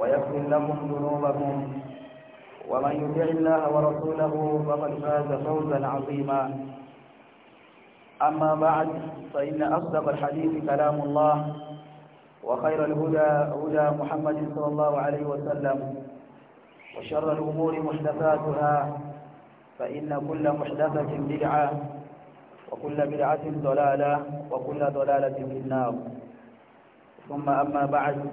ويغفر لكم ذنوبكم ومن يطع الله ورسوله فقد فاز فوزا عظيما أما بعد فإن أصدق الحديث كلام الله وخير الهدى هدى محمد صلى الله عليه وسلم وشر الأمور محدثاتها فإن كل محدثة بدعة وكل بدعة ضلالة وكل ضلالة في النار ثم أما بعد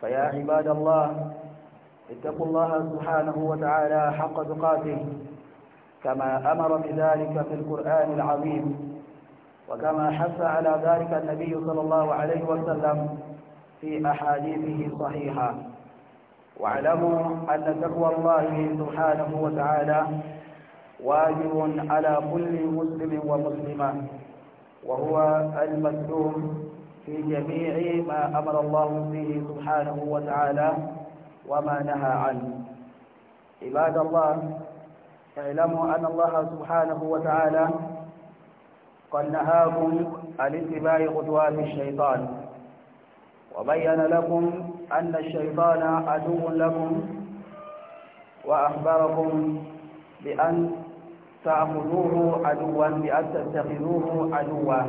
فيا عباد الله اتقوا الله سبحانه وتعالى حق تقاته كما أمر بذلك في القرآن العظيم وكما حث على ذلك النبي صلى الله عليه وسلم في أحاديثه الصحيحة واعلموا أن تقوى الله سبحانه وتعالى واجب على كل مسلم ومسلمة وهو المسلوم في جميع ما أمر الله به سبحانه وتعالى وما نهى عنه عباد الله اعلموا أن الله سبحانه وتعالى قد نهاكم عن اتباع خطوات الشيطان وبين لكم أن الشيطان عدو لكم وأخبركم بأن تعبدوه عدوا بأن تتخذوه عدوا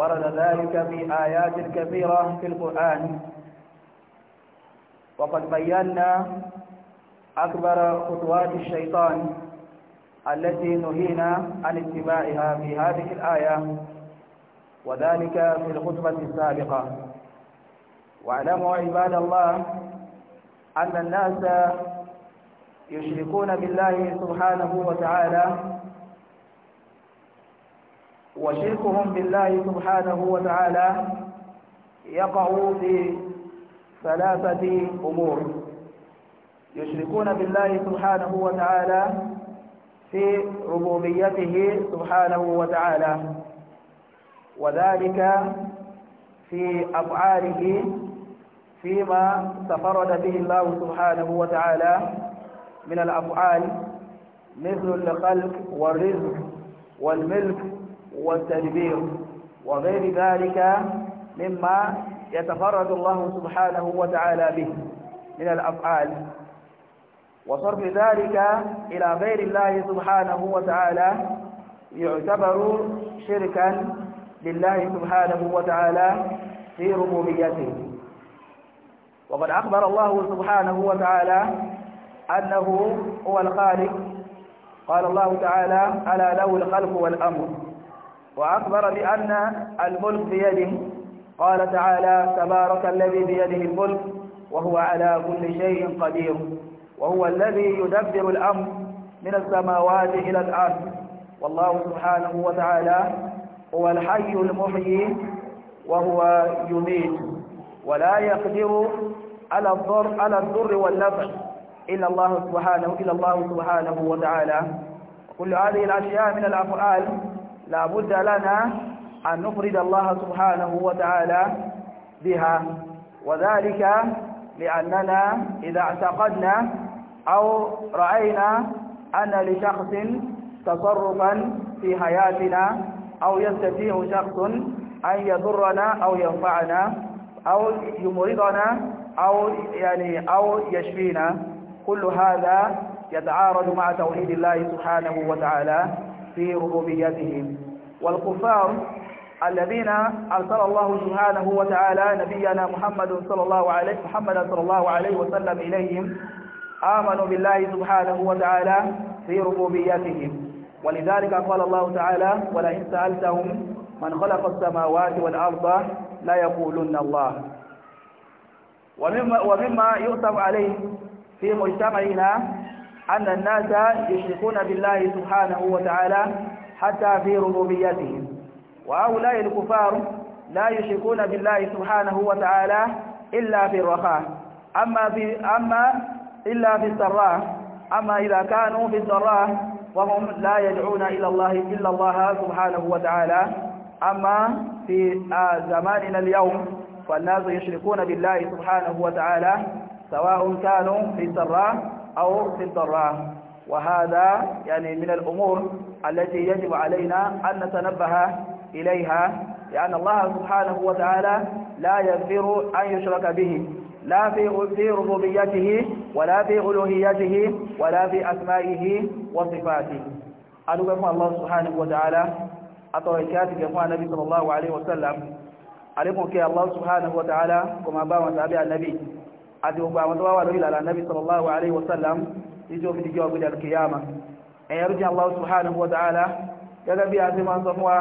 ورد ذلك في آيات كثيرة في القرآن وقد بينا أكبر خطوات الشيطان التي نهينا عن اتباعها في هذه الآية وذلك في الخطبة السابقة واعلموا عباد الله أن الناس يشركون بالله سبحانه وتعالى وشركهم بالله سبحانه وتعالى يقع في ثلاثة أمور يشركون بالله سبحانه وتعالى في ربوبيته سبحانه وتعالى وذلك في أفعاله فيما تفرد به الله سبحانه وتعالى من الأفعال مثل الخلق والرزق والملك والتدبير وغير ذلك مما يتفرد الله سبحانه وتعالى به من الأفعال وصرف ذلك إلى غير الله سبحانه وتعالى يعتبر شركا لله سبحانه وتعالى في ربوبيته وقد أخبر الله سبحانه وتعالى أنه هو الخالق قال الله تعالى ألا له الخلق والأمر وأخبر بأن الملك بيده قال تعالى تبارك الذي بيده الملك وهو على كل شيء قدير وهو الذي يدبر الأمر من السماوات إلى الأرض والله سبحانه وتعالى هو الحي المحيي وهو يميت ولا يقدر على الضر على الضر والنفع إلا الله سبحانه إلا الله سبحانه وتعالى كل هذه الأشياء من الأفعال لا بد لنا أن نفرد الله سبحانه وتعالى بها وذلك لأننا إذا اعتقدنا أو رأينا أن لشخص تصرفا في حياتنا أو يستطيع شخص أن يضرنا أو ينفعنا أو يمرضنا أو يعني أو يشفينا كل هذا يتعارض مع توحيد الله سبحانه وتعالى في ربوبيتهم والكفار الذين أرسل الله سبحانه وتعالى نبينا محمد صلى الله عليه محمد صلى الله عليه وسلم إليهم آمنوا بالله سبحانه وتعالى في ربوبيتهم ولذلك قال الله تعالى ولئن سألتهم من خلق السماوات والأرض لا يقولن الله ومما, ومما يؤتم عليه في مجتمعنا أن الناس يشركون بالله سبحانه وتعالى حتى في ربوبيتهم وهؤلاء الكفار لا يشركون بالله سبحانه وتعالى إلا في الرخاء أما في أما إلا في السراء أما إذا كانوا في السراء وهم لا يدعون إلى الله إلا الله سبحانه وتعالى أما في آه، زماننا اليوم فالناس يشركون بالله سبحانه وتعالى سواء كانوا في السراء أو في الضراء وهذا يعني من الأمور التي يجب علينا أن نتنبه إليها لأن الله سبحانه وتعالى لا يغفر أن يشرك به لا في في ربوبيته ولا في ألوهيته ولا في أسمائه وصفاته أدعو الله سبحانه وتعالى أتوكاتي كما النبي صلى الله عليه وسلم عليكم كي الله سبحانه وتعالى كما باوا تابع النبي àti gbogbo àwọn tó wá wà lórí ìlànà nabi sallallahu alaihi wasallam tí tí ó fi dijọ́ gbé alkiyama ẹ̀yẹrú jẹ́ allah subhanahu wa ta'ala gẹ́gẹ́ bí a ti máa ń sọ fún wa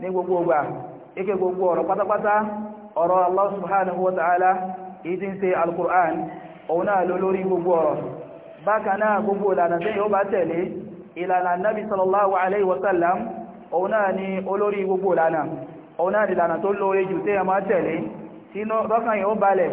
ní gbogbo ọgbà ike gbogbo ọ̀rọ̀ pátápátá ọ̀rọ̀ allah subhanahu wa ta'ala èyí tí ń ṣe alkur'an òun náà ló lórí gbogbo ọ̀rọ̀ bákan náà gbogbo ìlànà tí yóò bá tẹ̀lé ìlànà nabi sallallahu alaihi wasallam òun náà ni olórí gbogbo ìlànà òun náà ìlànà tó lórí jù tí máa tẹ̀lé sínú rọ́kàn yóò balẹ̀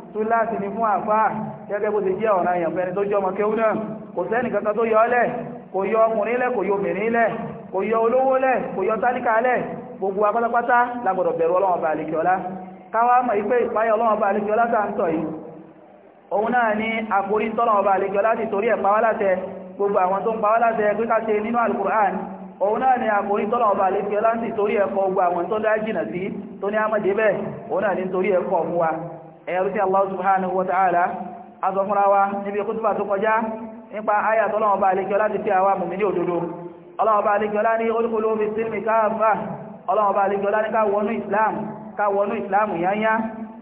tó láti ní fún àfáà gẹ́gẹ́ bó ti jẹ́ ọ̀ràn èèyàn fẹ́ni tó jẹ́ ọmọ kéwú náà kò sẹ́ni kankan tó yọ ọ́ lẹ̀ kò yọ ọkùnrin lẹ̀ kò yọ obìnrin lẹ̀ kò yọ olówó lẹ̀ kò yọ tálíkà lẹ̀ gbogbo apátápátá la bẹ̀rù ọlọ́run ọba àlekíọ́lá káwá mọ̀ pé ìpáyà ọlọ́run ọba àlekíọ́lá tá ń tọ̀ yìí òun náà ni àkórí tọ́lọ̀ ọba àlekíọ́lá ti torí ẹ̀ pawá látẹ gbogbo àwọn tó ń pawá látẹ pé ká ṣe nínú alukur'an òun náà ni àkórí tọ́lọ̀ ọba àlekíọ́lá ti torí ẹ̀kọ́ gbogbo àwọn tó dá jìnà sí tó ní àmọ̀dé bẹ́ẹ̀ òun náà ni torí ẹ̀kọ́ fún wa ẹ̀rù tí Allah subhanahu wa ta'ala azọ fúnra wa níbi kútùbà tó kọjá nípa ayà tọ́lọ́wọ́ bá alékiọ́ láti fi àwa mùmínì òdodo ọlọ́wọ́ bá alékiọ́ lá ní olúkúlú omi sílmi káàfà ọlọ́wọ́ bá alékiọ́ lá ní káwọnú islam káwọnú islam yányá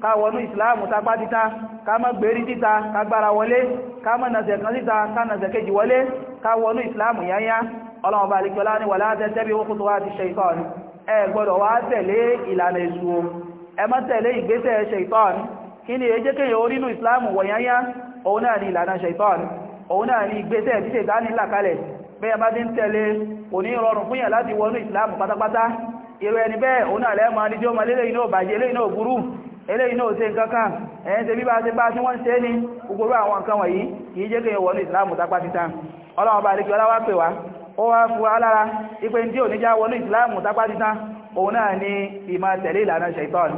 káwọnú islam tapá títa ká má gbérí títa ká gbára wọlé ká má nàṣẹ̀ kan títa ká nàṣẹ̀ kejì wọlé káwọnú islam yányá ọlọ́wọ́ bá alékiọ́ lá ní wà láti tẹ́bí wá tẹ̀lé ìlànà èṣù ẹ tẹ̀lé ìgbésẹ̀ ṣaitan kí ni èyí jẹ́ kéèyàn orínú ìsìláàmù wọ̀nyányá òun náà ni ìlànà ṣẹ̀tọ́n òun náà ni ìgbésẹ̀ tí ṣẹ̀tánì là kalẹ̀ bẹ́ẹ̀ bá ti ń tẹ̀lé kò ní kpatakpata fún yàn láti wọnú ìsìláàmù pátápátá irú ẹni bẹ́ẹ̀ òun náà lẹ́ẹ̀mọ́ ní jọ́mọ lélẹ́yìn náà bàjẹ́ eléyìn ino burú eléyìn náà ṣe nǹkan kan ẹ̀yìn tẹ́bí bá ṣe bá awon wọ́n ṣe ní gbogbo àwọn wa ni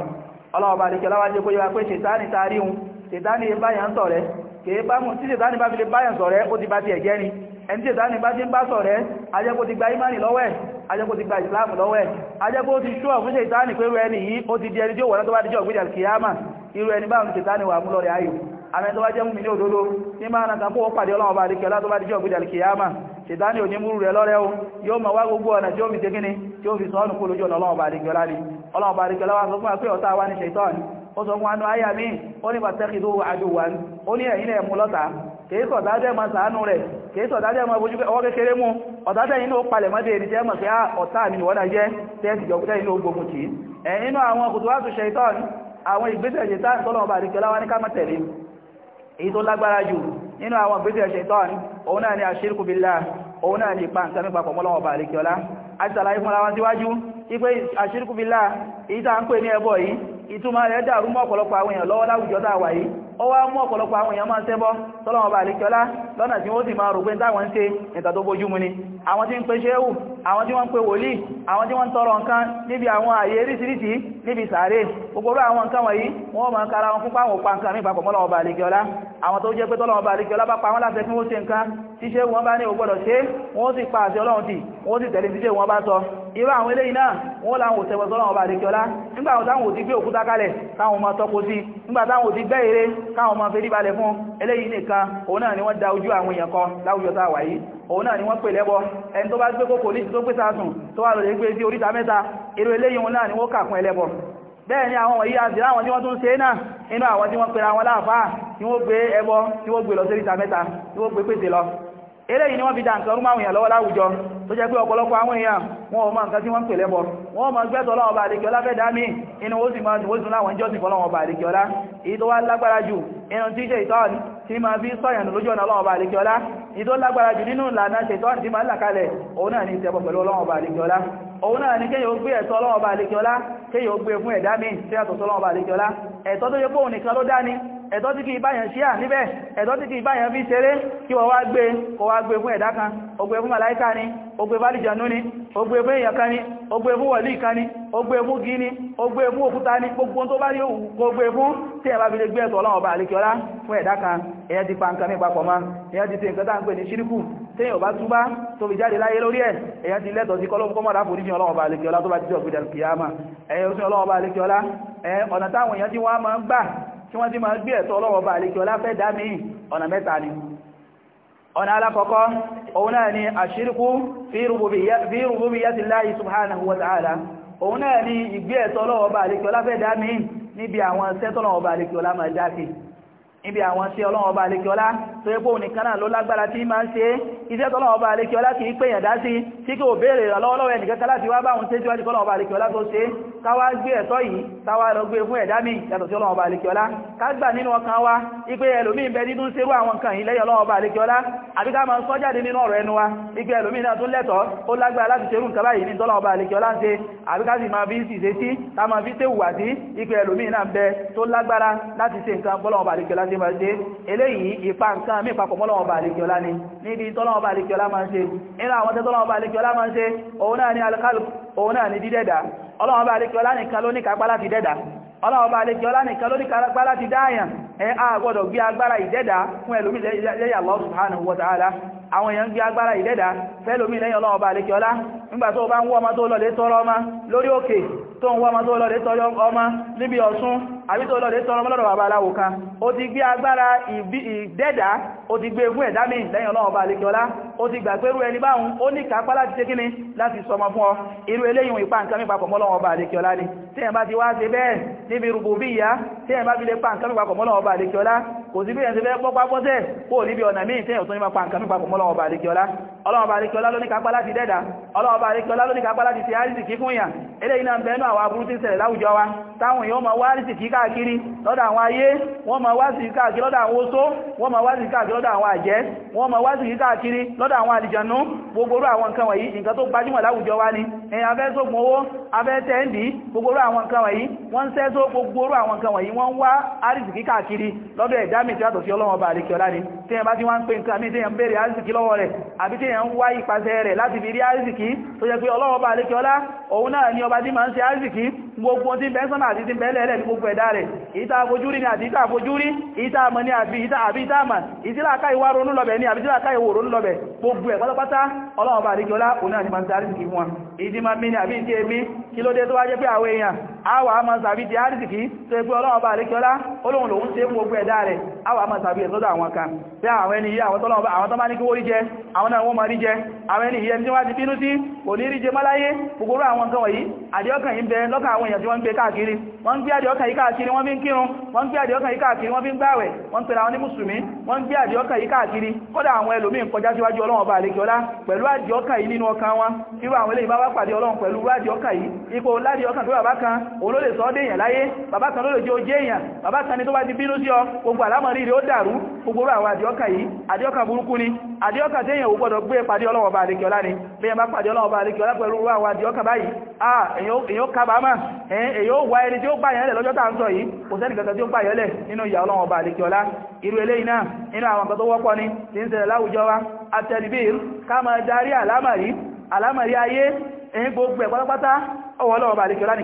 ọlọ́ọ̀bá àdíkẹ́ láwájú kó yíwa pé ṣètáni taríhun ṣètáni báyàn sọ̀rẹ́ kèé bá mú tí ṣètáni bá fi lè báyàn sọ̀rẹ́ ó ti bá ti ẹ̀gẹ́ ni ẹni tí ṣètáni bá ti ń bá sọ̀rẹ́ ajẹ́kó ti gba imani lọ́wẹ́ ajẹ́kó ti gba ìsìláàmù lọ́wẹ́ ajẹ́kó ti ṣúọ̀ fún ṣètáni pé irú ni yìí ó ti di ẹni tí ó wọ̀ná tó bá dijọ́ ògbéjà kìyàmà irú ẹni báwọn àmẹ́ni tó bá jẹ́ mú mi ní òdodo ní máa nà kàkó pàdé ọlọ́run bá àdíkẹ́ látọ́ bá díjọ́ gbìdàlì kìyàmà ṣètánì ò ní múrù rẹ̀ lọ́rẹ́ o yóò mọ̀ wá gbogbo ọ̀nà tí ó fi ṣe kíni tí ó fi sọ ọ́nù kó lójú ọ̀nà ọlọ́run bá àdíkẹ́ lárí ọlọ́run bá àdíkẹ́ láwá sọ fún wa pé ọ̀tá wa ní ṣètánì ó sọ fún wa nú àyà míì ó ní pàtẹ́kìdó àdùwà ó ní ẹ̀yìn ẹ̀mú lọ́ta kìí sọ̀dá jẹ́ ma sàánú rẹ̀ kìí sọ̀dá àwọn ìgbésẹ̀ ṣaitan tọ́lọ̀ ọba àdíkẹ́lá ní ká má tẹ̀lé èyí tó lágbára jù nínú àwọn ìgbésẹ̀ ṣẹ̀tọ́n òun náà ni àṣírkù billah òun náà ni ìpa nǹkan nípa pọ̀mọ́lọ́wọ́ bà lè kíọlá àti sàlàyé fún ara wọn síwájú wípé àṣírkù billah èyí tá ń pè ní ẹbọ yìí ìtumọ̀ rẹ̀ dàrú mọ́ ọ̀pọ̀lọpọ̀ àwọn èèyàn lọ́wọ́ láwùjọ tá a wà yìí ó wá mú ọ̀pọ̀lọpọ̀ àwọn èèyàn máa ṣẹbọ sọ́lọ́wọ́ bá àlekọ́lá lọ́nà tí wọ́n sì máa rò pé táwọn ń ṣe ìta tó bójú mu ni àwọn tí ń pe ṣéhù àwọn tí wọ́n ń pe wòlíì àwọn tí wọ́n ń tọrọ nǹkan níbi àwọn ààyè eríṣiríṣi níbi sàárè gbogbo àwọn nǹkan wọ̀nyí wọ́n máa kára wọn fún pàwọn pa nǹkan mìí papọ̀ mọ́lọ́wọ́ bá àlekọ́lá àwọn tó jẹ́ pé tọ́lọ́wọ́ bá àlekọ́lá bá pa wọ́n láti ẹkún ó ṣe nǹkan tíṣe wọn bá ní o gbọ́dọ̀ ṣe wọ́n sì pa àṣẹ ọlọ́run tì wọ́n sì tẹ̀lé tíṣe wọn bá sọ irú àwọn eléyìí náà wọ́n láwọn òṣèwọ̀sọ́lọ́wọ́ bá àlekọ́lá nígbà àwọn táwọn òsì gbé òkú òkúta kalẹ̀ káwọn ọmọ tọ́kọ sí nígbà táwọn òsì gbẹ́ eré káwọn ọmọ fèrí balẹ̀ fún eléyìí nìkan òun náà ni wọ́n da ojú àwọn èèyàn kan láwùjọ tá wà yìí òun náà ni wọ́n pè lẹ́bọ ẹni tó bá gbé kókò ní tó pé sásùn tó wà lórí gbé sí oríta mẹ́ta irú eléyìí òun náà ni wọ́n kà fún ẹlẹ́bọ bẹ́ẹ̀ ni àwọn wọ̀nyí àti láwọn tí wọ́n tún ṣe náà inú àwọn tí wọ́n pera wọn láàfáà tí wọ́n gbé ẹbọ tí wọ́n gbé lọ sí oríta mẹ́ta tí wọ́n gbé pèsè lọ eléyìí ni wọ́n fi dá nǹkan rúmọ́ àwọn èèyàn lọ́wọ́ láwùjọ tó jẹ́ pé ọ̀pọ̀lọpọ̀ àwọn èèyàn wọn ò mọ̀ nǹkan tí wọ́n ń pè lẹ́bọ wọn ò mọ̀ gbẹ́sọ̀ ọlọ́wọ́ bá àdékẹ́ ọlá fẹ́ dámì inú ó sì máa dùn ó sì láwọn ìjọsìn fọlọ́wọ́ bá àdékẹ́ ọlá èyí tó wá lágbára jù inú tí ṣe ìtọ́ni tí máa fi sọ́yàn lójú ọ̀nà ọlọ́wọ́ bá àdékẹ́ ọlá èyí tó lágbára jù nínú ìlànà ṣe ìtọ́ni tí máa ń là kalẹ̀ òun náà ní ìṣẹ́bọ̀ pẹ̀lú ọlọ́wọ́ bá àdékẹ́ ọlá òun náà ní kéyàn ó gbé ẹ̀tọ́ ọlọ́wọ́ bá àdékẹ́ ọlá kéyàn ó gbé e fún ẹ̀dá mi tí yàtọ̀ sọ́lọ́wọ́ bá àdékẹ́ ọlá ẹ̀tọ́ tó yẹ pé òun nìkan ló dá ni ẹ̀tọ́ tí kì í báyàn ṣíà níbẹ̀ ẹ̀tọ́ tí kì í báyàn fi ṣeré kí wọ́n wá gbé kó gbé fún ẹ̀dá kan ó fún màláíkà ni ó gbé fálìjànú ni ó gbé fún èèyàn kan ni ó gbé fún wọ̀lí kan ni ó gbé fún gí ni ó gbé fún òkúta ni gbogbo tó bá rí òwú kó gbé fún tí ẹ bá fi lè gbé ẹ̀tọ́ ọlọ́run ọba àlekíọlá fún ẹ̀dá kan èèyàn ti pa nǹkan ní papọ̀ mọ́ kí wọ́n ti máa gbé ẹ̀tọ́ ọlọ́wọ́ bá àlejò ọláfẹ́ dámì ọ̀nà mẹ́ta ni ọ̀nà alákọ̀ọ́kọ́ òun náà ni àṣírikú fi rububiyyati Allahi subhanahu wa ta'ala òun náà ni ìgbé ẹ̀tọ́ níbi àwọn tí ọlọ́run ọba àlékiọlá tó yẹ bóun nìkan náà ló lágbára tí máa ń ṣe iṣẹ́ tọ́lọ́run ọba àlékiọlá kì í pèyàn dá sí tí kò béèrè lọ́wọ́lọ́wọ́ ẹnìkẹ́kẹ́ láti wá báwọn tí síwájú kọ́lọ́run ọba àlékiọlá tó ṣe káwá gbé ẹ̀tọ́ yìí káwá lọ gbé fún ẹ̀dá mi yàtọ̀ sí ọlọ́run ọba àlékiọlá ká gbà nínú ọkàn wa ipe ẹlòmíì bẹ nínú serú àwọn nǹkan yìí lẹ́yìn ọlọ́run ọba àlékiọlá àbí ká máa sọ jáde nínú ṣe máa ṣe eléyìí ipa nǹkan mí papọ̀ mọ́lọ́wọ́ bá àlekíọlá ni níbi tọ́lọ́wọ́ bá àlekíọlá máa ń ṣe inú àwọn tẹ́tọ́lọ́wọ́ bá àlekíọlá máa ń ṣe òun náà ni alkalb òun náà ni dídẹ́dà ọlọ́wọ́ bá àlekíọlá nìkan ló ní kápá láti dẹ́dà ọlọ́wọ́ bá àlekíọlá nìkan ló ní kápá láti dáyàn ẹ a gbọ́dọ̀ gbé agbára ìdẹ́dà fún ẹlòmí lẹ́yìn Allah subhanahu wa ta'ala àwọn èèyàn gbé agbára ìdẹ́dà fẹ́lòmí lẹ́yìn Ọlọ́run ọba àlekíọlá nígbà tó bá ń wọ́ ọmọ tó lọ lé tọrọ ọmọ lórí òkè tó ń wọ́ ọmọ tó lọ lé tọrọ ọmọ níbi Ọ̀ṣun àbí tó lọ́dẹ̀ tọrọ mọ́lọ́dọ̀ bàbá aláwò kan ó ti gbé agbára ìdẹ́dà ó ti gbé fún ẹ̀dá mi lẹ́yìn ọlọ́run bá alékiọlá ó ti gbà pẹ́rú ẹni báhùn ó ní kápá láti ṣe kíni láti sọmọ fún ọ irú eléyìn ìpa nǹkan mípa pọ̀ mọ́lọ́run alékiọlá ni tí ẹ̀ bá ti wá ṣe bẹ́ẹ̀ níbi rububiyya tí ẹ̀ bá fi lè pa nǹkan mípa pọ̀ mọ́lọ́run bá alékiọlá kò sí bí ẹ̀ ṣe fẹ́ pọ́pá pọ́sẹ̀ kó níbi ọ̀nà míì tí ẹ̀ tó ní máa pa nǹkan mípa pọ̀ mọ́lọ́run bá alékiọlá ọlọ́run bá alékiọlá ló ní kápá láti dẹ́dà ọlọ́run bá alékiọlá ló ní kápá láti ṣe àrísìkí fún yà eléyìí náà bẹ́ẹ̀ náà àwọn aburú tí ń ṣẹlẹ̀ láwùjọ wa táwọn èèyàn máa wá àrísìkí ká káàkiri lọ́dọ̀ àwọn ayé wọ́n ma wá sí káàkiri lọ́dọ̀ àwọn oṣó wọ́n ma wá sí káàkiri lọ́dọ̀ àwọn àjẹ́ wọ́n ma wá sí káàkiri lọ́dọ̀ àwọn àlìjànú gbogbo orú àwọn nǹkan wọ̀nyí nǹkan tó gbajúmọ̀ láwùjọ wa ni ẹ̀yìn abẹ́ sógun owó abẹ́ tẹ́ndì gbogbo orú àwọn nǹkan wọ̀nyí wọ́n ń sẹ́ tó gbogbo orú àwọn nǹkan wọ̀nyí wọ́n ń wá àrísìkí káàkiri lọ́dọ̀ ẹ̀dá mi tí yàtọ̀ sí ọlọ́wọ́n ọba àlekẹ́ ọlá ni tí yẹn bá ti wá ń pè nǹkan mi tí yẹn ń béèrè àrísìkí lọ́wọ́ rẹ̀ àbí tí gbogbo tí bẹ́ sánà àti tí bẹ́ẹ̀lẹ̀ ẹ̀lẹ̀ ní gbogbo ẹ̀dá rẹ̀ ìta àfojúrí ni àti ìta àfojúrí ìta àmọ́ ni àbí ìta àbí ìta àmà ìtílàká ìwà ronú lọ́bẹ̀ ni àbí tílàká ìwò ronú lọ́bẹ̀ gbogbo ẹ̀ pátápátá ọlọ́run bá àríkíọlá òun ni máa ń tarí sí wọn ìdí máa mí ni àbí ìdí èmi kí ló dé tó wá jẹ́ pé àwọn èèyàn àwà àmà sàbí di àrísìkí tó ẹgbẹ́ ọlọ́run bá àríkíọlá olóhun lòun ṣe mú gbogbo ẹ̀dá rẹ̀ àwà àmà sàbí ẹ̀ sọ́dọ̀ àwọn kan bí àwọn ẹni yìí àwọn èèyàn tí wọ́n ń gbé káàkiri wọ́n ń gbé àdíọ́kàn yí káàkiri wọ́n fi ń kírun wọ́n ń gbé àdíọ́kàn yí káàkiri wọ́n fi ń gbáwẹ̀ wọ́n ń pera wọn ní mùsùlùmí wọ́n ń gbé àdíọ́kàn yí káàkiri kódà àwọn ẹlòmíín kọjá síwájú ọlọ́run ọba àlekíọlá pẹ̀lú àdíọ́kàn yìí nínú ọkàn wọn irú àwọn eléyìí bá wá pàdé ọlọ́run pẹ̀lú àdíọ́kàn yìí ipò ládìọ́kàn tó bàbá kan òun ló lè sọ ọ́ déèyàn láyé bàbá kan ló lè jẹ́ ojé èèyàn bàbá kan ni tó bá ti bínú sí ọ gbogbo àlámọ̀rí rẹ̀ ó dàrú gbogbo àwọn àdíọ́kàn yìí àdíọ́kàn burúkú ni àdíọ́kàn téèyàn ò gbọ́dọ̀ gbé pàdé ọlọ́run ọba àlekíọlá ni bí ẹ bá pàdé ọlọ́run ọba àlekíọlá pẹ̀lú àwọn àdíọ́kàn báyìí ah èèyàn ó kábàámà èyí ó wá ẹni tí ó gbáyẹ̀ lẹ̀ lọ́jọ́ tàà ń sọ yìí kò sẹ́ni kankan tí ó gbáyẹ̀ lẹ̀ nínú ìyà ọba àlekíọlá irú eléyìí náà nínú àwọn tó wọ́pọ̀ ni tí ń ṣẹlẹ̀ láwùjọ wa àtẹ̀lìbìr ká máa darí àlámàrí àlámàrí ayé èyí gbogbo ẹ̀ pátápátá ọba àlekíọlá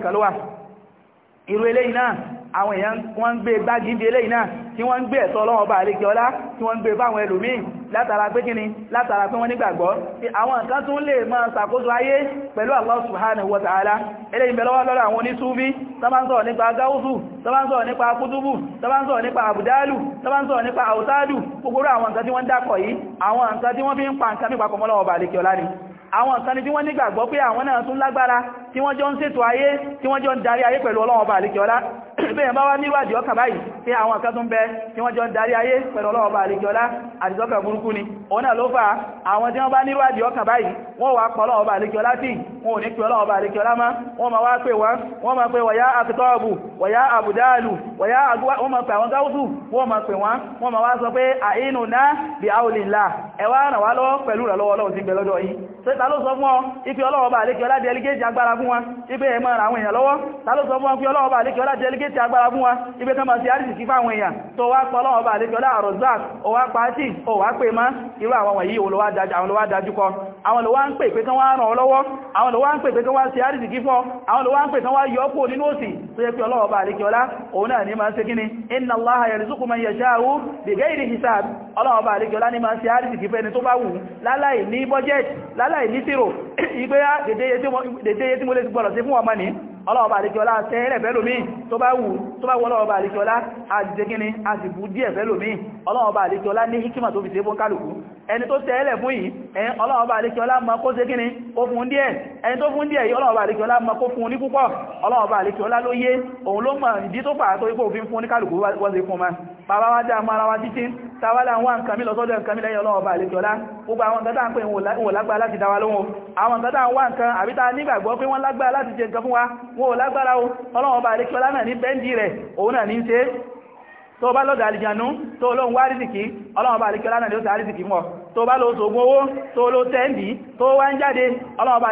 tí wọ́n ń gbé ẹ̀tọ́ ọlọ́wọ́ bá àríkẹ ọlá tí wọ́n ń gbé e fáwọn ẹlòmíì látara pé kíni látara pé wọ́n nígbàgbọ́ àwọn nǹkan tún lè máa ṣàkóso ayé pẹ̀lú Allah subhanahu wa ta'ala eléyìí bẹ̀rẹ̀ wọ́n lọ́rọ̀ àwọn onísúbí tọ́bánsọ̀ nípa gáúsù tọ́bánsọ̀ nípa kútúbù tọ́bánsọ̀ nípa àbùdálù tọ́bánsọ̀ nípa àwùsádù gbogbo àwọn nǹkan tí wọ́n dákọ̀ yìí àwọn nǹkan tí wọ́n fi ń pa nǹkan nípa kọmọlọ́wọ́ bà lè kí ọlá ni àwọn nǹkan ni tí wọ́n nígbàgbọ́ pé àwọn náà tún lágbára tí wọ́n jọ ń ṣètò ayé tí wọ́n jọ ń darí ayé pẹ̀lú Ọlọ́run Ọba àlekíọ́lá bẹ́ẹ̀ bá wá níwàdí ọkà báyìí tí àwọn nǹkan tó ń bẹ tí wọ́n jọ ń darí ayé pẹ̀lú Ọlọ́run Ọba àlekíọ́lá àdìsọ́kà burúkú ni òun náà ló fà àwọn tí wọ́n bá níwàdí ọkà báyìí wọ́n wá pọ̀ Ọlọ́run Ọba àlekíọ́lá sí wọn ò ní pè Ọlọ́run Ọba àlekíọ́lá mọ́ wọ́n máa wá pè wọ́n wọ́n máa pè wọ̀yá àkítọ́ọ̀bù wọ̀yá àbùdáàlù wọ̀yá àgbà pẹ̀lú ìrànlọ́wọ́ Ọlọ́run ti gbẹ fún wa ibẹ̀ ẹ máa ra àwọn èèyàn lọ́wọ́ ta ló fún wa pé ọlọ́wọ́ bá lékẹ́ ọlá delegate agbára fún wa ibẹ̀ kan máa sí àrísì kí fáwọn èèyàn tó wá pọ̀ ọlọ́wọ́ bá lékẹ́ ọlá rozak ó wá pàtì pè má irú àwọn wọ̀nyí kọ mo lè gbọ́rọ̀ sí fún ọmọ ní ọlọ́ọ̀bà àríkíọlá tẹ́ẹ̀rẹ̀ fẹ́lòmí tó bá wù tó bá wọ́n ọlọ́ọ̀bà àríkíọlá àjẹ́gíní àjìbú díẹ̀ fẹ́lòmí ọlọ́ọ̀bà àríkíọlá ní hikima tó fi ṣe fún kálùkù ẹni tó tẹ́ẹ̀lẹ̀ fún yìí ẹni ọlọ́ọ̀bà àríkíọlá ma kó ṣe kíní ó fún díẹ̀ ẹni tó fún díẹ̀ yìí ọlọ́ọ̀bà àríkíọlá ma kó fún ní púpọ̀ ọlọ́ọ̀bà àríkíọlá ló yé òun ló mọ̀ ìdí tó fà á tó ipò òfin fún ní kálùkù wọ́n ṣe fún ma bàbá wá já mara wa títí tàwálà wọn nǹkan mi lọ́sọ́dọ̀ nǹkan mi lẹ́yìn ọlọ́wọ́ bá àlejọ́lá gbogbo àwọn nǹkan tàà ń pè wọ́n lágbára láti dáwà lóhun àwọn nǹkan tàà ń wá nǹkan àbí tàà nígbàgbọ́ pé wọ́n lágbára láti jẹ nǹkan fún wa wọn ò lágbára o ọlọ́wọ́ bá àlejọ́lá náà ní bẹ́ndì rẹ̀ òun náà ní ṣe tó bá lọ́dọ̀ àlìjànú tó lóhun wá rìsìkì ọlọ́wọ́ bá àlejọ́lá náà ló ta rìsìkì mọ́ tó bá lọ sògùn owó tó láti gbẹ́tọ̀ ọlọ́wọ́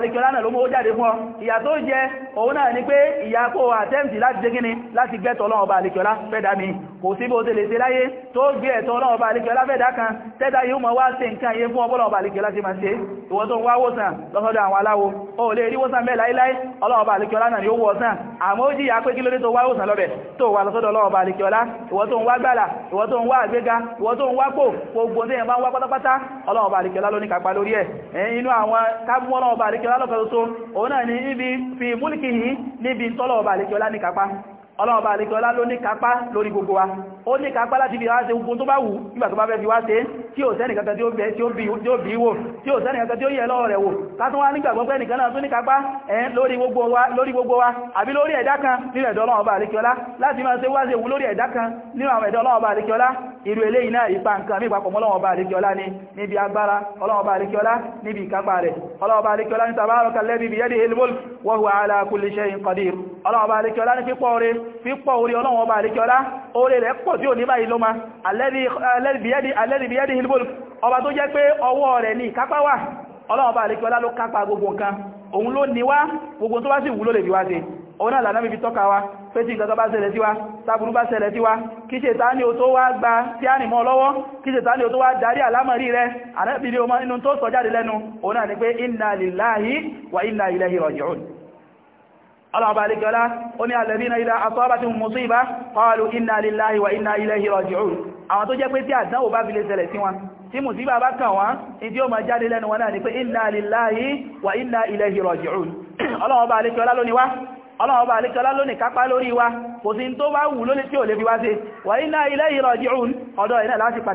bá àlejò lá mi kò sí bó tẹ́lẹ̀ sí láyé tó gbé ẹ̀tọ́ ọlọ́ọ̀bá àlejò aláfẹ́dá kan tẹ́dá yíò mọ̀ wá sí nǹkan ayé fún ọgbọ́lọ̀ọ̀bá àlejò láti máa ṣe ìwọ́n tó ń wá wòsàn lọ́sọ́dọ̀ àwọn aláwo o lè rí wòsàn bẹ́ẹ̀ láíláí ọlọ́ọ̀bá àlejò ọlá ni ó wò ọ̀sán àmọ́ ó jìyà pé kí ló dé tó wá wòsàn lọ́bẹ̀ ọlọ́ọ̀bá àlekọ́lá ló ní kápá lórí gbogbo wa ó ní kápá láti fi wáṣe ogun tó bá wù nígbà tó bá fẹ́ fi wáṣe tí ó sẹ́nì kankan tí ó bẹ̀ẹ́ tí ó bí wò tí ó sẹ́nì kankan tí ó yẹ lọ́wọ́ rẹ̀ wò látún wá nígbàgbọ́ pé nìkan náà tún ní kápá ẹ̀ẹ́n lórí gbogbo wa àbí lórí ẹ̀dá kan nínú ẹ̀dọ́ ọlọ́wọ́ bá àríkíọlá láti máa ṣe wáṣe wù lórí ẹ̀dá kan nínú àwọn ẹ̀dọ́ ọlọ́wọ́ bá àríkíọlá irú eléyìí náà ipa nǹkan mí rẹ̀ pọ̀ tí ò ní báyìí ló ma alẹ́rì bíyẹ́dì hilbol ọba tó jẹ́ pé ọwọ́ rẹ̀ ní ìkápá wà ọlọ́ọ̀bá àríkọlá ló kápá gbogbo nǹkan òun ló ní wá gbogbo tó bá sì wúlò lè bí wá ṣe òun náà lànà bíbi tọ́ka wa pé tí nǹkan tó bá ṣẹlẹ̀ sí wa tábùrú bá ṣẹlẹ̀ sí wa kí ṣe tání o الله بارك له وني الذين إذا أصابتهم مصيبة قالوا إنا لله وإنا إليه راجعون أما توجه بيتي أدنى وباب لسلسي tí mùsíbà bá kàn wá ní tí ó ma jáde lẹ́nu wọn náà ni pé inna lillahi wa inna ilayhi raji'un ọlọ́wọ́ bá alékọ́lá lónìí wá ọlọ́wọ́ bá alékọ́lá lónìí kápá lórí wa kò sí tó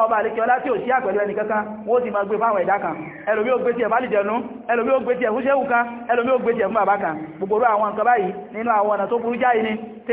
ọlọ́wọ́ bá lè kí ọlá tí ò sí àpẹ̀lú ẹni kankan wọ́n ti máa gbé fáwọn ẹ̀dá kan ẹlòmí ó gbé tí ẹ̀ bá lè jẹnu ẹlòmí ó gbé tí ẹ̀ fún ṣéhù kan ẹlòmí ó gbé tí ẹ̀ bàbá kan gbogbo àwọn nǹkan báyìí nínú àwọn ọ̀nà tó burú jáì ni tí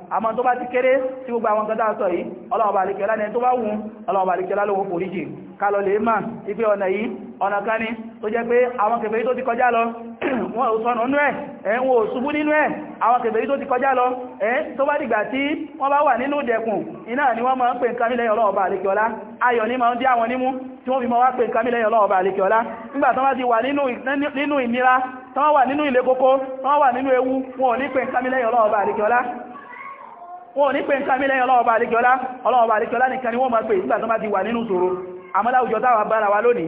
àmọ́ tó bá ti kéré tí gbogbo àwọn gọ́dá sọ yìí ọlọ́ọ̀bà àríkẹ́lá ní tó bá wùn ọlọ́ọ̀bà àríkẹ́lá lówó foríjì kálọ̀ lè máa ipé ọ̀nà yìí ọ̀nà kan tó jẹ́ pé àwọn kèfèrí tó ti kọjá lọ wọn ò sọnù nínú ẹ̀ wọn ò ṣubú nínú ẹ̀ àwọn tó ti kọjá lọ tó bá dìgbà tí wọ́n bá wà nínú ìdẹ̀kùn iná ni wọ́n máa ń pè ọlọ́ọ̀bà ayọ̀ máa ń dí àwọn nímú tí wọn ò ní pé nǹkan mílẹ̀ ọlọ́ọ̀bà àríkẹ́ọlá nìkan ni wọ́n máa pè nígbà tó bá ti wà nínú ìṣòro àmọ́láwùjọ táwà bára wa lónìí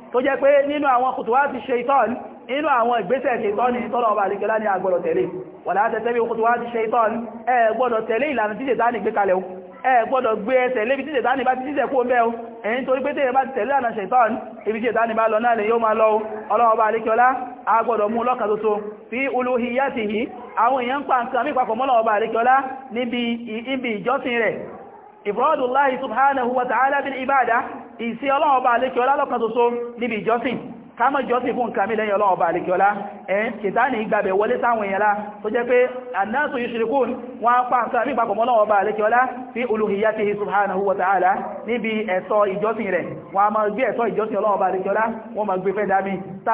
tó jẹ́ pé nínú àwọn kùtùwá ti ṣe ìtọ́ni inú àwọn ìgbésẹ̀ ṣetọ́ni tọ́lọ̀ ọba àríkẹ́lá ní agbọ́dọ̀ tẹ̀lé wà látẹ́tẹ́ bí okùtù wá ti ṣetọ́ni ẹ gbọ́dọ̀ tẹ̀lé ìlànà tí ṣetánì gbé kalẹ̀ ẹ gbọ́dọ̀ gbé ẹsẹ̀ lébi tí ṣetánì bá ti ṣiṣẹ́ kó bẹ́ ẹ̀yìn torí pé tẹ́yẹ bá ti tẹ̀lé ànà ṣetọ́ni ibi tí ṣetánì bá lọ náà lè yóò máa lọ ìbúrọ́dùláhì subhanahu wa ta'ala bil ibada ìsí ọlọ́ọ̀bá alékiọlá lọ́kan ṣoṣo níbi ìjọsìn kámọ́ ìjọsìn fún nǹkan mílẹ̀ ọlọ́ọ̀bá alékiọlá ẹn kìtàní ìgbàbẹ̀ wọlé sáwọn èèyàn lá tó jẹ́ pé annasu yushrikun wọ́n pa nǹkan mí papọ̀ mọ́lọ́ọ̀bá alékiọlá fi uluhiyatihi subhanahu wa ta'ala níbi ẹ̀tọ́ ìjọsìn rẹ̀ wọ́n máa gbé ẹ̀tọ́ ìjọsìn ọlọ́ọ̀bá alékiọlá wọ́n máa gbé fẹ́ dámi tá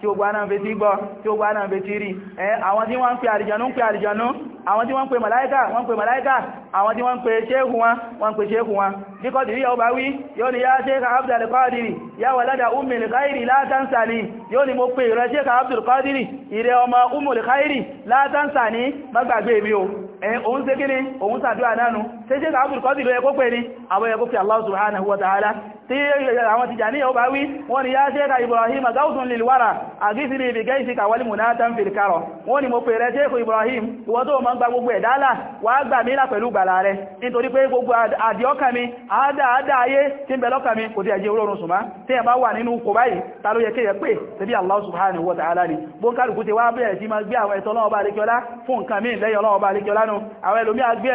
tí ó gbá náà fi sí gbọ́ tí ó gbá náà fi sí rí ẹ àwọn tí wọ́n ń pè àlìjànú ń pè àlìjànú àwọn tí wọ́n ń pè màláíkà wọ́n ń pè màláíkà àwọn tí wọ́n pè ṣéhù wọn wọ́n pè ṣéhù wọn díkọ̀ tí yóò bá wí yóò ní yá ṣéka Abdul Qadir yá wà ládà umul khairi la tansani yóò ní mo pè ìrẹ ṣéka Abdul Qadir ìrẹ ọmọ umul khairi la tansani má gbàgbé mi o òun ṣe kíni òun ṣàdúrà nánu ṣe ṣe ṣe Abdul Qadir ló yẹ kó pè ní àwọn ẹ̀kọ́ fi Allah subhanahu wa ta'ala tí àwọn Tijaniyya ó bá wí wọ́n ní yá ṣéka Ibrahim gáúsùn lil wara àgísìrí ibi gẹ́ìsì kàwàlì múnátà ń fèrè karọ̀ wọ́n ni mo pè rẹ Sheikh Ibrahim ìwọ́n tó ma ń gba gbogbo ẹ̀dálà wà á gbà mílà pẹ̀lú gbàlà rẹ nítorí pé gbogbo àdíọ́kà mi àádá àádá ayé tí ń bẹ lọ́kà kò tí ẹ̀jẹ̀ olóorun sùnmá tí ẹ bá wà nínú Allah subhanahu wa ta'ala ni bó ń kálukú ti wá bẹ̀rẹ̀ sí máa gbé àwọn ẹ̀tọ́ lọ́wọ́ bá alékiọlá fún nǹkan míì lẹ́yìn ọlọ́wọ́ bá alékiọlá nu àwọn ẹlòmí àgbé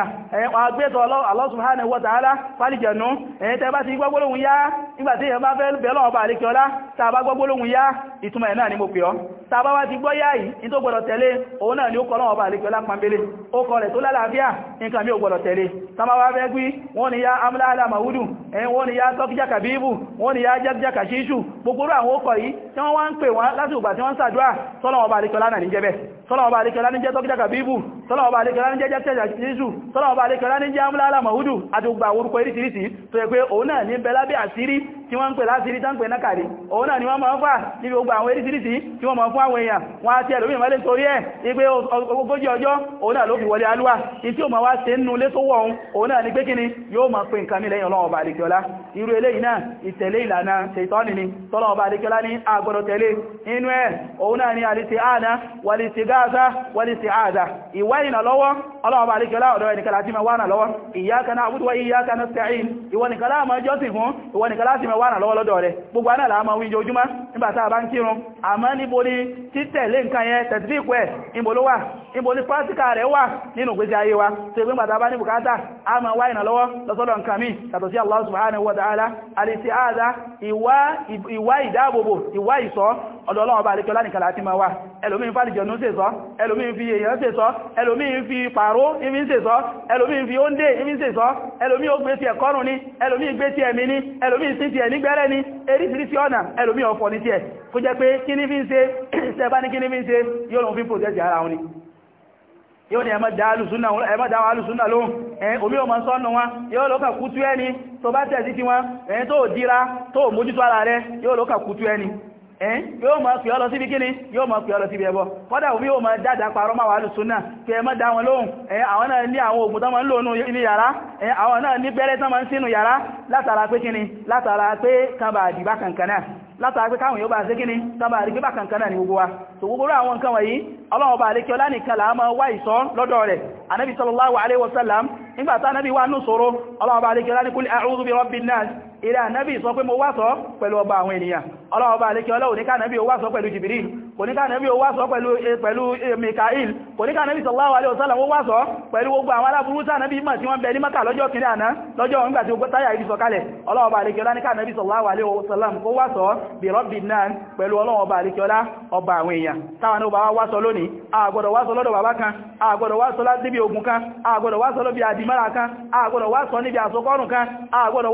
ẹ̀tọ́ Allah subhanahu wa ta'ala fálìjẹ̀nú tẹ́ bá ti gbólóhùn yá nígbàtí èyàn bá fẹ́ bẹ̀ẹ́ lọ́wọ́ bá àríkẹ́ ọlá tàbá gbọ́ gbólóhùn yá ìtumọ̀ ẹ̀ náà ni mo pè ọ́ tàbá wá ti gbọ́ yá yìí ní tó gbọ́dọ̀ tẹ̀lé òun náà ni ó kọ́ lọ́wọ́ bá àríkẹ́ ọlá pàmbélé ó kọ rẹ̀ tó lálàáfíà nǹkan mi ò gbọ́dọ̀ tẹ̀lé tàbá wá fẹ́ gbí wọ́n ni yá amúláàlá màwúdù ẹ̀yìn wọ́n ni yá tọ́kíjà kàbíbù wọ́n ni yá jẹ́kíjà kàṣíṣù gbogbo àwọn ó kọ̀ yìí tí wọ́n wá ń pè wọ́n láti tọ́lọ̀ ọba àríkẹ́lá ní jẹ́ tọ́kítà kàbíbù tọ́lọ̀ ọba àríkẹ́lá ní jẹ́ jẹ́tẹ̀jà jésù tọ́lọ̀ ọba àríkẹ́lá ní jẹ́ amúláàlá mọ̀húdù àti gbogbo àwọn orúkọ irisirisi tó yẹ pé òun tí wọ́n ń pè láti rí tán pè nákàrí òun náà ni wọ́n máa ń fà níbi gbogbo àwọn eréṣìíríṣìí tí wọ́n máa fún àwọn èèyàn wọ́n á ti ẹ̀lómi ìmọ́lẹ̀ torí ẹ̀ ipé ogójì ọjọ́ òun náà ló fi wọlé alúwà tí ó máa wá ṣe nínú ilé tó wọ̀ òun òun náà ni pé kíni yóò máa pe nǹkan mi lẹ́yìn ọlọ́run ọba àdékọ́lá irú eléyìí náà ìtẹ̀lé ìlànà ṣètọ́nì ni tọ́lọ́run ọba àdékọ́lá ní àgbọ̀dọ̀ tẹ̀lé inú ẹ̀ òun náà ni àlìsí àdá wàlìsí gáàsá wàlìsí àdá ìwá ìrànlọ́wọ́ ọlọ́run ọba àdékọ́lá ọ̀dọ̀ ẹnìkan láti máa wà náà lọ́wọ́ iyyaka na'budu wa iyyaka nasta'in ìwọ nìkan láàmọ́ jọ́sìn fún ìwọ nìkan láti máa wà lọ́wọ́ lọ́dọ̀ rẹ̀ gbogbo aná làá ma wíjọ ojúmá nígbàtà bá ń kírun àmọ́ níbo ni títẹ̀lé nǹkan yẹn tẹ̀sífíkù ẹ̀ níbo ló wà níbo ni pàtíkà rẹ̀ wà nínú ìgbésí ayé wa tó ọ̀dọ̀ ọlọ́run bá àríkẹ́ lánìkan láti máa wà ẹlòmí ń fàdìjọ ní sèsọ́ ẹlòmí ń fi èèyàn sèsọ́ ẹlòmí ń fi pàró ibi ń sèsọ́ ẹlòmí ń fi oúnjẹ ibi ń sèsọ́ ẹlòmí ó gbé ti ẹ̀kọ́rùn ni ẹlòmí gbé ti ẹ̀mí ni ẹlòmí sí ti ẹ̀ní gbẹ́rẹ́ ni eríṣiríṣi ọ̀nà ẹlòmí ọ̀fọ̀ ní tiẹ̀ kó jẹ́ pé kí fi ń ṣe sẹ́bá ní kí fi ń ṣe yóò lòun fi pòtẹ́sì ara wọn ni yóò ní ẹmọ́ dáwà alùsúnà lóhun ẹ̀yìn omi ọmọ sọ́nà wọn yóò lókà kútú ẹni tó bá tẹ̀ sí ti wọn ẹ̀yìn tó dira tó mójútó ara rẹ yóò lókà kútú ẹni ẹ̀yìn yóò máa fi ọlọ síbi kíni yóò máa fi ọlọ síbi ẹbọ kọ́dà omi yóò máa dáadáa parọ́ máa wà ní súnà kí ẹ má dá wọn lóhùn ẹ̀yìn àwọn náà ní àwọn ògùn tó máa ń lò ní yàrá ẹ̀yìn àwọn náà ní bẹ́rẹ́ tó máa ń sínú yàrá látara pé kíni látara pé kan bá dìbà kankan náà látara pé káwọn yóò bá ṣe kíni kan bá rí ní gbogbo wa tó gbogbo àwọn nǹkan wọ̀nyí ọlọ́run ọba àlékí ọlá nìkan là máa wá ìṣọ́ lọ́dọ̀ rẹ̀ anábì sallallahu alaihi wasallam nígbà tá anábì wà nù sọ̀rọ̀ ọlọ́run ọba àlékí ọlá ní ilẹ̀ ànábì sọ pé mo wá sọ pẹ̀lú ọba àwọn ènìyàn ọlọ́wọ́ bá alékẹ́ ọlọ́wọ́ ní kánàbí ó wá sọ pẹ̀lú Jibril kò ní kánàbí ó wá sọ pẹ̀lú Mikail kò ní kánàbí sallallahu alaihi wasallam ó wá sọ pẹ̀lú gbogbo àwọn aláburú sánàbí mọ̀ tí wọ́n bẹ ní Mákà lọ́jọ́ kìíní àná lọ́jọ́ wọn gbà tí ó táyà ibi sọ̀kalẹ̀ ọlọ́wọ́ bá alékẹ́ ọlá ní kánàbí sallallahu alaihi wasallam kó wá sọ bí rọ́bì náà pẹ̀lú ọlọ́wọ́ bá alékẹ́ ọlá ọba àwọn èèyàn táwọn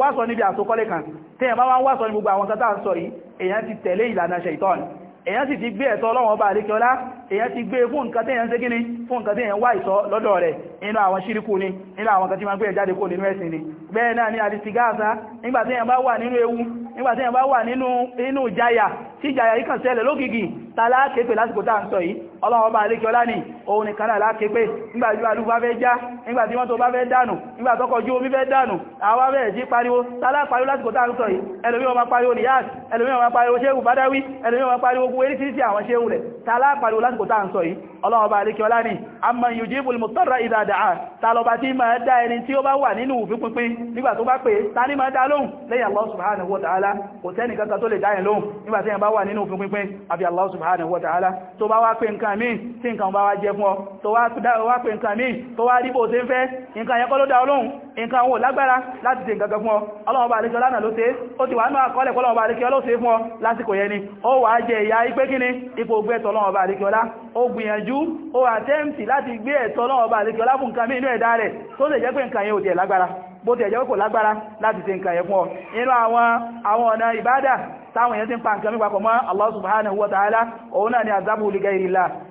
ọba wá lọ́lẹ̀ kan tí èyàn bá wá ń wá sọ ní gbogbo àwọn tátà ń sọ yìí èyàn ti tẹ̀lé ìlànà ṣẹ̀tọ́n èyàn sì ti gbé ẹ̀tọ́ ọlọ́wọ́n ọba àríkíọlá èyàn ti gbé e fún nǹkan tẹ́yàn ń ṣe kíní fún nǹkan tẹ́yàn wá ìsọ lọ́dọ̀ rẹ̀ inú àwọn ṣíríkù ni inú àwọn kan tí ma ń gbé ẹ̀jáde e kó nínú ẹ̀sìn ni bẹ́ẹ̀ náà ni àdìsígáàsá nígbà tẹ́yàn bá wà nínú ewu nígbàtí ẹ̀ bá wà nínú ìjáyà tí ìjáyà yìí kàn ṣẹlẹ̀ lógìgì ta láàképe lásìkò tá à ń sọ yìí ọlọ́wọ́ bá alékẹ́ ọlá ní òun nìkan náà láàképe nígbàtí wà lúgbà fẹ́ já nígbàtí wọ́n tó bá fẹ́ dànù nígbàtọ́kọ̀ jú omi fẹ́ dànù àwọn abẹ́ẹ̀ jí pariwo ta láàpariwo lásìkò tá à ń sọ yìí ẹlòmí ó máa pariwo nìyàs ẹlòmí ó máa pariwo ṣéhù bádáwí ẹlòmí ó máa pariwo gbogbo eréṣìíṣìí àwọn ṣéhù rẹ̀ ta láàpariwo lásìkò tá à ń sọ yìí ọlọ́wọ́ bá alékẹ́ ọlá ní amman yujibul mutarra idha da'a ta lọba ta'ala kò sẹ́ni kankan tó lè dáyẹ̀ lóhùn nígbà tí yẹn bá wà nínú òfin àbí Allah subhanahu wa ta'ala tó bá wá pé nǹkan míì tí nǹkan bá wá jẹ fún ọ tó wá pé nǹkan míì tó wá rí bó ṣe ń fẹ́ nǹkan yẹn kọ́ ló dá olóhùn nǹkan wọn ò lágbára láti ṣe nǹkan kan fún ọ ọlọ́wọ́ bá àríkẹ́ lánàá ló ṣe ó ti wà nínú àkọọ́lẹ̀ pọ́lọ́wọ́ bá àríkẹ́ ló ṣe fún ọ lásìkò yẹn ni ó wà á jẹ ìyá ipé kíni ipò ògbé ẹ̀tọ́ ọlọ́wọ́ bá àríkẹ́ ọlá ó gbìyànjú ó àtẹ́ǹtì láti gbé ẹ̀tọ́ ọlọ́wọ́ bá àríkẹ́ ọlá fún nǹkan mí inú ẹ̀dá rẹ̀ tó lè jẹ́ pé nǹkan yẹn ò tiẹ̀ lágbára bó ti ẹ̀jẹ́ kò lágbára láti ṣe nǹkan ẹ̀fún ọ inú àwọn àwọn ọ̀nà ìbádà táwọn èèyàn ti ń pa nǹkan mípapọ̀ mọ́ Allah subhanahu wa ta'ala òun náà ni azabu li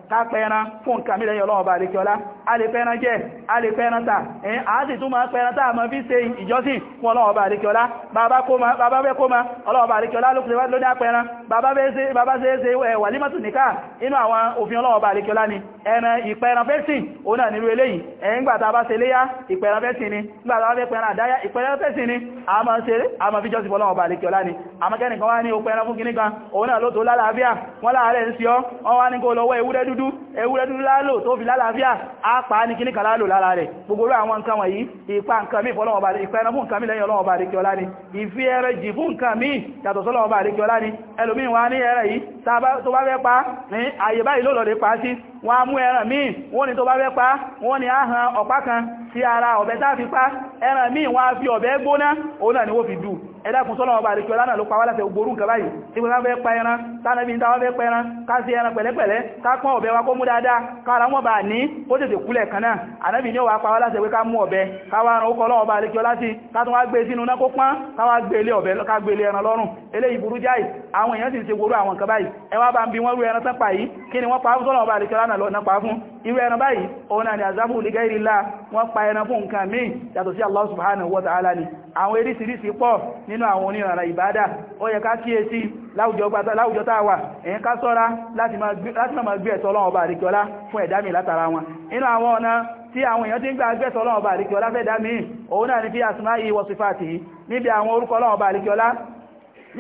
ká pẹran fún nǹkan mílẹ̀ ọlọ́run ọba àríkẹ́ọlá a lè pẹran jẹ a lè pẹran tà ẹ̀yìn a sì tún máa pẹran tàà mọ́ fi ṣe ìjọsìn fún ọlọ́run ọba àríkẹ́ọlá bàbá fẹ́ kó ma ọlọ́run ọba àríkẹ́ọlá ló ní apẹran bàbá ṣe é wàlímọ̀tù ni ẹran ìpẹran fẹ́sìn òun náà nílùú eléyìí ẹ̀yìn gbà tá a ni gbà tá a bá fẹ́ pẹran àdáyá ìpẹran ni a máa ṣe a máa fi ni àmọ́kẹ́nìkan wá ní ó pẹran fún kinní kan òun náà ló tó lálàáfíà wọ́n láàárẹ̀ ń ṣe ọ́ wọ́n wá dúdú ewúrẹ́ dúdú lálò tó fi lálàáfíà a pàá ní kíníkà lálò lára rẹ̀ gbogbo àwọn nǹkan wọ̀nyí ipa nǹkan mí fọ́lọ́wọ́ bá rí ipa ẹran fún nǹkan mí lẹ́yìn ọlọ́wọ́ bá rí kí ọlá ni ìfi ẹrẹ jì fún nǹkan mí yàtọ̀ sọ́lọ́wọ́ bá rí kí ọlá ni ẹlòmíín wá ní ẹrẹ yìí tó bá fẹ́ pa ní àyè báyìí ló lọ lè pa sí wọ́n á mú ẹran míì wọ́n ní tó bá fẹ́ pa wọ́n ní áhàn ọ̀pá kan sí ara ọ̀bẹ tá fi pa ẹran míì wọ́n á fi ọ̀bẹ gbóná òun náà ni wọ́n fi dù ẹ̀dàkùn sọ́lọ́wọ́ bá àríkẹ́ lánàá ló pa wá láti ogorú nǹkan báyìí tí wọ́n fẹ́ pa ẹran tánàbí ń tàwọn fẹ́ pa ẹran ká sí ẹran pẹ̀lẹ́pẹ̀lẹ́ ká pọ́n ọ̀bẹ wa kó mú dáadáa kára wọ́n bá ní ó tètè kúlẹ̀ kan náà ànábì ní wàá pa wá láti ẹgbẹ́ ká mú ọ̀bẹ káwá ran ókọ́ lọ́wọ́ bá àríkẹ́ láti ká tún wá gbé sínú náà kó pọ́n káwá gbé ilé ọ̀bẹ ká nǹkan báyìí ẹ náà lọ nápa fún irú ẹran báyìí òun náà ni àzábù li gairillah wọ́n pa ẹran fún nǹkan míì yàtọ̀ sí Allah subhanahu wa ta'ala ni àwọn eríṣiríṣi pọ̀ nínú àwọn onírànà ìbádà ó yẹ ká kíyèsí láwùjọ tá a wà èyí ká sọ́ra láti máa gbé ẹ̀tọ́ ọlọ́run ọba àríkọlá fún ẹ̀dámì látara wọn inú àwọn ọ̀nà tí àwọn èèyàn ti ń gbà agbẹ́tọ̀ ọlọ́run ọba àríkọlá fẹ́ dámì òun náà ni fi asma'i wa sifatihi níbi àwọn orúkọ ọlọ́run ọba àríkọlá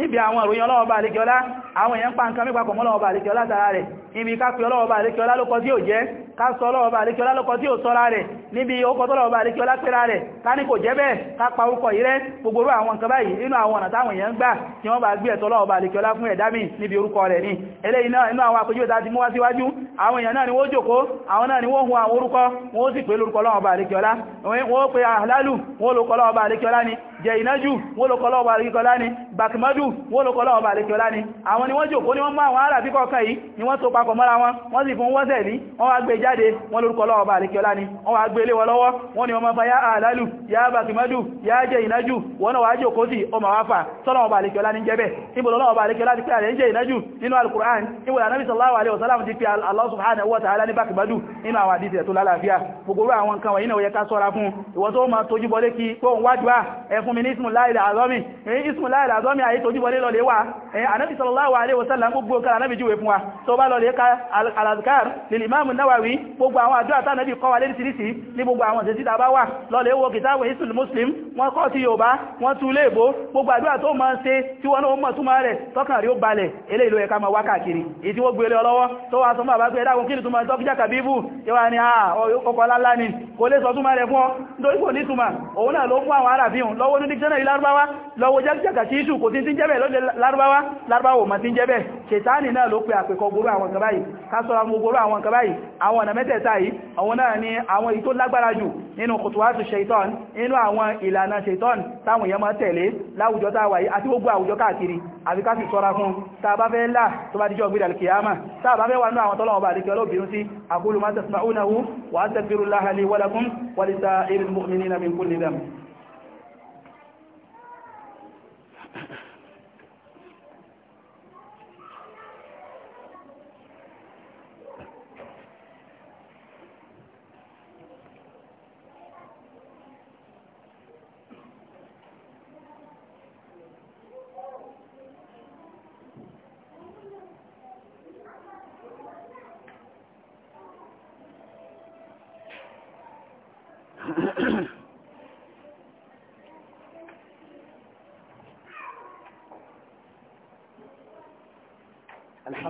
níbi àwọn ìròyìn ọlọ́ọ̀bá àríkẹ́ọlá àwọn èèyàn pa nǹkan mípa pọ̀mọ́ ọlọ́ọ̀bá àríkẹ́ọlá tààrà rẹ̀ níbi kápẹ́ ọlọ́ọ̀bá àríkẹ́ọlá lókọ tí ò jẹ́ kásọ ọlọ́ọ̀bá àríkẹ́ọlá lókọ tí ò sọ́ra rẹ̀ níbi ọkọ̀ tọ́lọ̀ọ̀bá àríkẹ́ọlá pẹ́ra rẹ̀ ká ní kò jẹ́ bẹ́ẹ̀ kápa orúkọ yìí rẹ̀ gbogbo orú àwọn nǹkan báyìí nínú àwọn ọ̀nà táwọn èèyàn gbà tí wọ́n bá ni eléyìí náà inú àwọn àpèjúwe tá ti mú wá síwájú ni wọ́n jókòó ni wọ́n hun àwọn orúkọ wọn ó sì pé lórúkọ ọlọ́ọ̀bá àríkẹ́ọlá wọ́n ó pe ni jẹ̀ìnájú wọ́n lókọlọ́ ọba àríkọlá ni bakimadu wọ́n lókọlọ́ ọba àríkọlá ni àwọn ni wọ́n jòkó ní wọ́n mú àwọn arábí kọ̀ọ̀kan yìí ni wọ́n tó papọ̀ mọ́ra wọn wọ́n sì fún wọ́sẹ̀ ní wọ́n wá gbé jáde wọ́n lórúkọlọ́ ni wọ́n wá gbé lé wọn lọ́wọ́ wọ́n ni ọmọ fa yá àlálù yá bakimadu yá jẹ̀ìnájú wọ́n náà wá jòkó sí ọmọ wá fà sọ́nà ọba àríkọlá ní jẹ́bẹ̀ ibo lọ́nà ọba àríkọlá jẹ́ ìnájú nínú ti fi Allah wa ta'ala ní bakimadu nínú àwọn àdìsẹ̀ tó lálàáfíà gbogbo àwọn nǹkan wọ̀nyí náà yẹ ká sọ́ra fún ìwọ́n tó máa tójú bọ́lé kí kóhun wájú à fún mi ní ismuláìlì àzọ́mì èyí ismuláìlì àzọ́mì ayé tó jíwọlé lọ lè wà ẹ̀yìn anábi sallallahu alaihi wasallam gbogbo kan anábi jíwẹ̀ fún wa tó bá lọ lè ka alazkar lil imam nawawi gbogbo lè wo kìtàwé muslim wọ́n kọ́ ti yorùbá wọ́n tú lè bó gbogbo àdúrà tó máa ṣe tí wọ́n náà mọ̀ túmọ̀ rẹ̀ tọ́kàn rí ó balẹ̀ eléyìí ló yẹ ká máa wá káàkiri èyí tí wọ́n gbé lọ lọ́wọ́ tó wá sọ fún àbágbé ẹ̀dàkùn kí lọ́wọ́ ní dìkṣẹ́nà ìlárúbáwá lọ́wọ́ jẹ́kẹ́kẹ́ sí ìṣù kò tí tí ń jẹ́bẹ̀ lọ́dẹ̀ lárúbáwá lárúbáwò ma ti ń jẹ́bẹ̀ ṣètáàni náà ló pe àpẹkọ gbogbo àwọn nǹkan báyìí kásọ́ra mú gbogbo àwọn nǹkan báyìí àwọn ọ̀nà mẹ́tẹ̀ẹ̀ta yìí àwọn náà ni àwọn èyí tó lágbára jù nínú kòtùwátù ṣeitán nínú àwọn ìlànà ṣeitán táwọn èèyàn máa tẹ̀lé láwùjọ táwà yìí àti gbogbo àwùjọ káàkiri àbí ká sì sọ́ra fún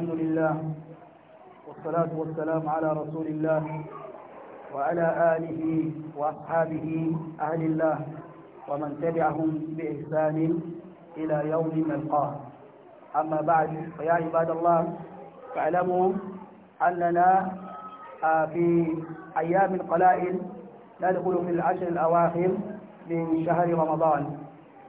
الحمد لله والصلاة والسلام على رسول الله وعلى آله وأصحابه أهل الله ومن تبعهم بإحسان إلى يوم نلقاه أما بعد فيا عباد الله فاعلموا أننا آه، في أيام قلائل ندخل في العشر الأواخر من شهر رمضان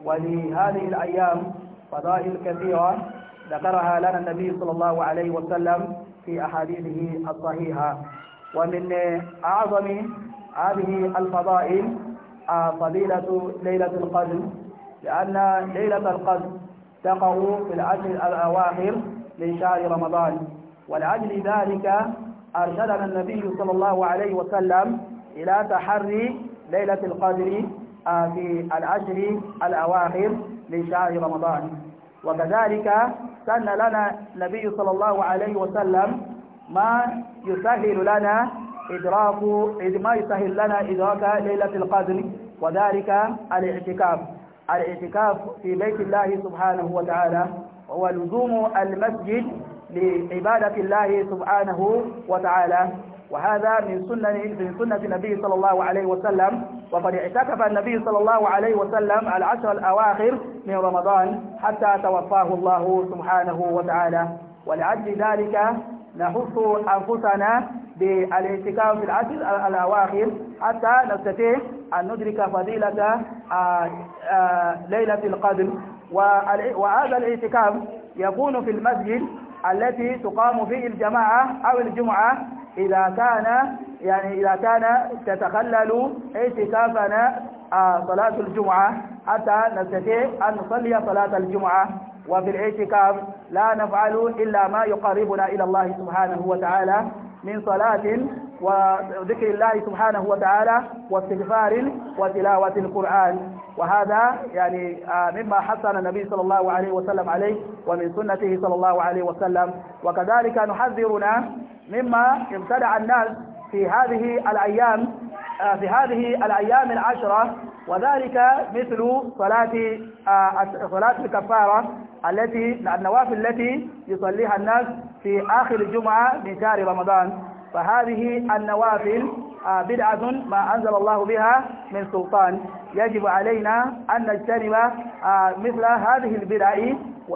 ولهذه الأيام فضائل كثيرة ذكرها لنا النبي صلى الله عليه وسلم في أحاديثه الصحيحة ومن أعظم هذه الفضائل آه، فضيلة ليلة القدر لأن ليلة القدر تقع في العشر الأواخر من شهر رمضان ولأجل ذلك أرشدنا النبي صلى الله عليه وسلم إلى تحري ليلة القدر آه، في العشر الأواخر من شهر رمضان وكذلك سن لنا النبي صلى الله عليه وسلم ما يسهل لنا إدراك ما يسهل لنا إدراك ليلة القدر وذلك الاعتكاف الاعتكاف في بيت الله سبحانه وتعالى هو لزوم المسجد لعبادة الله سبحانه وتعالى وهذا من سنة من سنة النبي صلى الله عليه وسلم وقد اعتكف النبي صلى الله عليه وسلم العشر الأواخر من رمضان حتى توفاه الله سبحانه وتعالى ولعد ذلك نحث أنفسنا بالاعتكاف في العشر الأواخر حتى نستطيع أن ندرك فضيلة آه، آه، ليلة القدر وهذا الاعتكاف يكون في المسجد التي تقام فيه الجماعة أو الجمعة إذا كان يعني إذا كان تتخلل اعتكافنا آه، صلاة الجمعة حتى نستطيع أن نصلي صلاة الجمعة وفي الاعتكاف لا نفعل إلا ما يقربنا إلى الله سبحانه وتعالى من صلاة وذكر الله سبحانه وتعالى واستغفار وتلاوة القرآن وهذا يعني آه، مما حسن النبي صلى الله عليه وسلم عليه ومن سنته صلى الله عليه وسلم وكذلك نحذرنا مما امتدع الناس في هذه الأيام آه، في هذه الأيام العشرة وذلك مثل صلاة آه، صلاة الكفارة التي النوافل التي يصليها الناس في آخر الجمعة من شهر رمضان فهذه النوافل آه، بدعة ما أنزل الله بها من سلطان يجب علينا أن نجتنب آه، مثل هذه البدع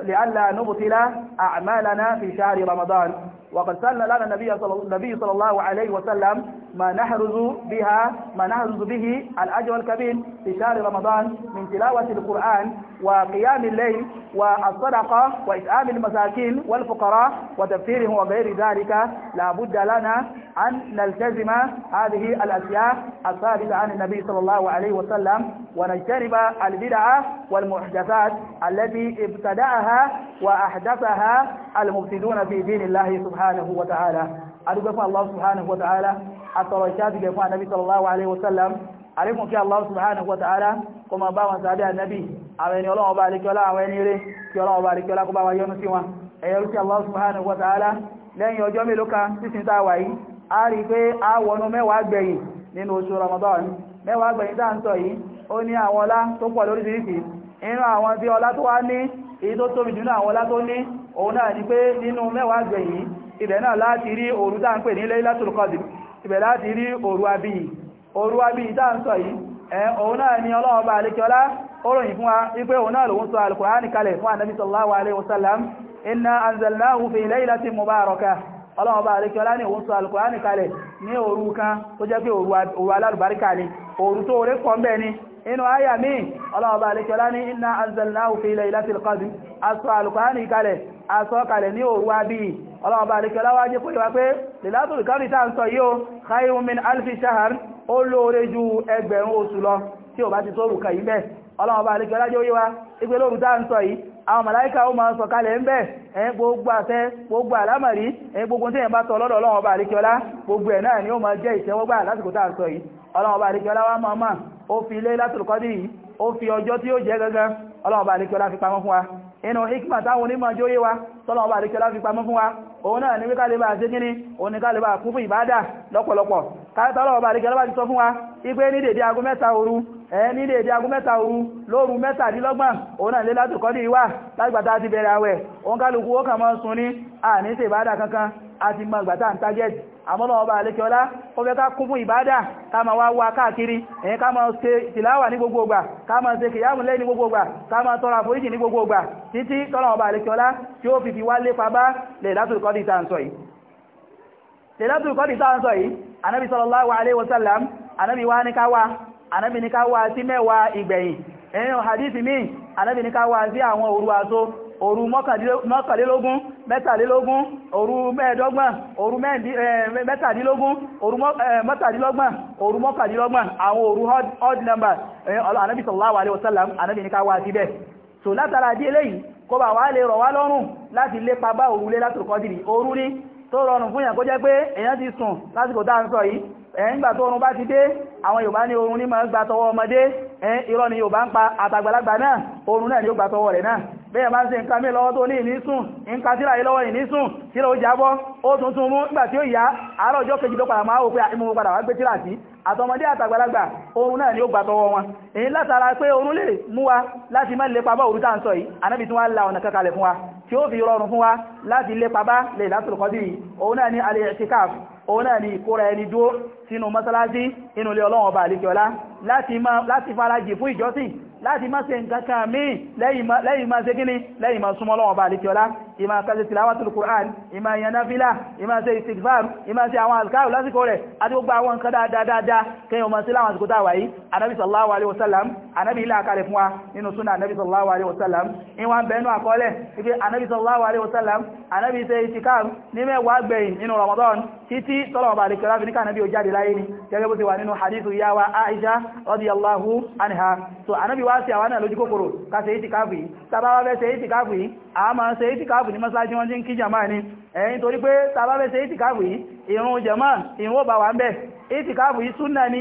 لئلا نبطل أعمالنا في شهر رمضان وقد سن لنا النبي صلى النبي صلى الله عليه وسلم ما نحرز بها ما نحرز به الأجر الكبير في شهر رمضان من تلاوة القرآن وقيام الليل والصدقة وإطعام المساكين والفقراء وتفسيرهم وغير ذلك لا بد لنا أن نلتزم هذه الأشياء الثابتة عن النبي صلى الله عليه وسلم ونجتنب البدع والمحدثات التي ابتدعها وأحدثها المفسدون في دين الله سبحانه وتعالى أدوكم الله سبحانه وتعالى أترى الشاذ النبي صلى الله عليه وسلم عليكم الله سبحانه وتعالى kó ma bá wọn sàádé ànábì àwọn ẹni ọlọ́wọ́ bá alékiọlá àwọn ẹni rẹ̀ kí ọlọ́wọ́ bá alékiọlá kó bá wa yọ́nú sí wọn ẹ̀yẹrú sí Allah subhanahu wa ta'ala lẹ́yìn ọjọ́ mélòó kan sísìn tá wà yìí a rí pé a wọnú mẹ́wàá gbẹ̀yìn nínú oṣù Ramadan mẹ́wàá gbẹ̀yìn tá ń sọ yìí ó ní àwọn ọlá òun náà ni ọlọ́ọ̀bá alékiọlá oróyìn fún wa wípé òun náà lòun sọ alkùránì kalẹ̀ fún ànábì sallallahu alaihi wasallam inna anzalnahu fi laylatin mubarakah ọlọ́ọ̀bá alékiọlá ní òun sọ alkùránì kalẹ̀ ní òru kan tó jẹ́ pé òru alárùbáríkà ni òru tó rẹ́ pọ̀ mbẹ̀ ni inú àyà míì ọlọ́ọ̀bá alékiọlá ní inna anzalnahu fi laylatil qadr asọ alkùránì kalẹ̀ asọ kalẹ̀ ní òru ó lóore ju ẹgbẹ̀rún oṣù lọ tí ò bá ti tó òrùka yìí bẹ́ẹ̀ ọlọ́run bá lékẹ́ lájọ́ yíwá ipé lóòrùn tá ń sọ yìí àwọn màláíkà ó máa sọ kalẹ̀ ń bẹ̀ ẹ̀yìn gbogbo àṣẹ gbogbo àlámàrí ẹ̀yìn gbogbo tí èyàn bá sọ lọ́dọ̀ ọlọ́run bá ọlá gbogbo ẹ̀ náà ni ó máa inú hikima táwọn onímọ̀ jóyé wa tọ́lọ̀ ọba àríkẹ́lá fi pamọ́ fún wa òun náà ní wíkà lè bá ṣe gíní òun ní ká lè bá kún fún ìbádà lọ́pọ̀lọpọ̀ káyẹ́tọ́lọ̀ ọba àríkẹ́lá bá ti sọ fún wa ipé ní dèdè aago mẹ́ta ẹ ní déédé aago mẹ́ta òru lóru mẹ́tàdínlọ́gbọ̀n òun náà lé látòkọ́ dì wá lágbàtà ti bẹ̀rẹ̀ àwẹ̀ òun kálukú ó kàn mọ́ sun ní àní ṣe ìbádà kankan àti mọ ìgbàtà ń target àmọ́nà ọba àlékiọlá ó fẹ́ ká kún fún ìbádà ká ma wá wá káàkiri èyí ká ma ṣe tìláwà ní gbogbo ògbà ká ma ṣe kìyàmù lẹ́ ní gbogbo ògbà ká ma tọrọ àforíjì ní gbogbo ògbà títí tọ́nà ọba àlékiọlá tí ó fi wá lépa bá lè látòkọ́dì tá à ń sọ yìí lè látòkọ́dì tá à ń sọ yìí anábì sallallahu alaihi wasallam anábì wá ní ká wá anábì ní ká wá sí mẹ́wàá ìgbẹ̀yìn ẹ̀yìn hadithi mi anábì ní ká wá sí àwọn òru àtó òru mọ́kànlélógún mẹ́tàlélógún òru mẹ́ẹ̀dọ́gbọ̀n òru mẹ́tàdínlógún òru mọ́kàndínlọ́gbọ̀n òru mọ́kàndínlọ́gbọ̀n àwọn òru odd number anábì sallallahu alaihi wasallam anábì ní ká wá síbẹ̀ so látara dí eléyìí kó bà wá lè rọ̀ wá lọ́rùn láti lépa bá òru lé látòkọ́dìrì òru ní tó rọrùn fún yàn kó jẹ́ pé èyàn ti sùn lásìkò dáa ń ẹ̀yìngbà tó orun bá ti dé àwọn Yorùbá ní orun ní máa ń gba tọwọ́ ọmọdé ẹ̀yìn irọ́ ni Yorùbá ń pa àtàgbàlagbà náà orun náà ni ó gba tọwọ́ rẹ̀ náà bẹ́ẹ̀ máa ń ṣe nǹkan mìí lọ́wọ́ tó ní ìnísùn nǹkan tíra yìí lọ́wọ́ ìnísùn tíra ó jábọ́ ó tuntun mú nígbà tí ó yá àárọ̀ ọjọ́ kejì tó padà máa wò pé ìmú padà wá gbé tíra sí àtọmọdé àtàgbàlagbà orun náà ni ó gbà tọwọ́ wọn èyí látara pé orun lè mú wa láti má lépa bá òrùta ń sọ yìí anábì tí wọ́n la ọ̀nà kankalẹ̀ fún wa tí ó fi rọrùn fún wa láti lépa bá lè látòlùkọ́dì òun náà ni alẹ́ ẹ̀ṣíkáàfù òun náà ni ìkóra ẹni dúó sínú mọ́sálásí inú ilé ọlọ́run ọba àlíkẹ́ọlá láti farajì fún ìjọsìn láti má ṣe nǹkan kan míì lẹ́yìn máa ṣe gíní lẹ́yìn máa súnmọ́ Ọlọ́run Ọba àlíkíọlá ìmá kàṣẹ tìláwàtìlù Kùránì ìmá ìyànáfílà ìmá ṣe ìsìgbàrù ìmá ṣe àwọn alkaru lásìkò rẹ̀ àti gbogbo àwọn nǹkan dáadáa kẹyàn ọmọ sí láwọn àsìkò táwà yìí anábì sallallahu alaihi wasallam anábì ilé àkàrẹ̀ fún wa nínú súnà anábì sallallahu alaihi wasallam ìwọ̀n bẹ̀ẹ́nu àkọọ́lẹ̀ wípé anábì sallallahu alaihi títí tọ́lọ̀wọ̀ bá alìkọ̀lá fi ní kànábí ò jáde láyé ni gẹ́gẹ́ bó ti wà nínú hadithu yáwa aisha radiyallahu anha so anábi wá sí àwọn náà lójú kòkòrò ká ṣe ìtìkáàfù yìí tàbáwá fẹ́ ṣe ìtìkáàfù yìí a máa ṣe ìtìkáàfù ní mọ́sálásí wọn jí ń kí jàmá ni ẹ̀yìn torí pé tàbá fẹ́ ṣe ìtìkáàfù yìí ìrun jàmá ìrun ó bá wà ń bẹ̀ ìtìkáàfù yìí súnnà ni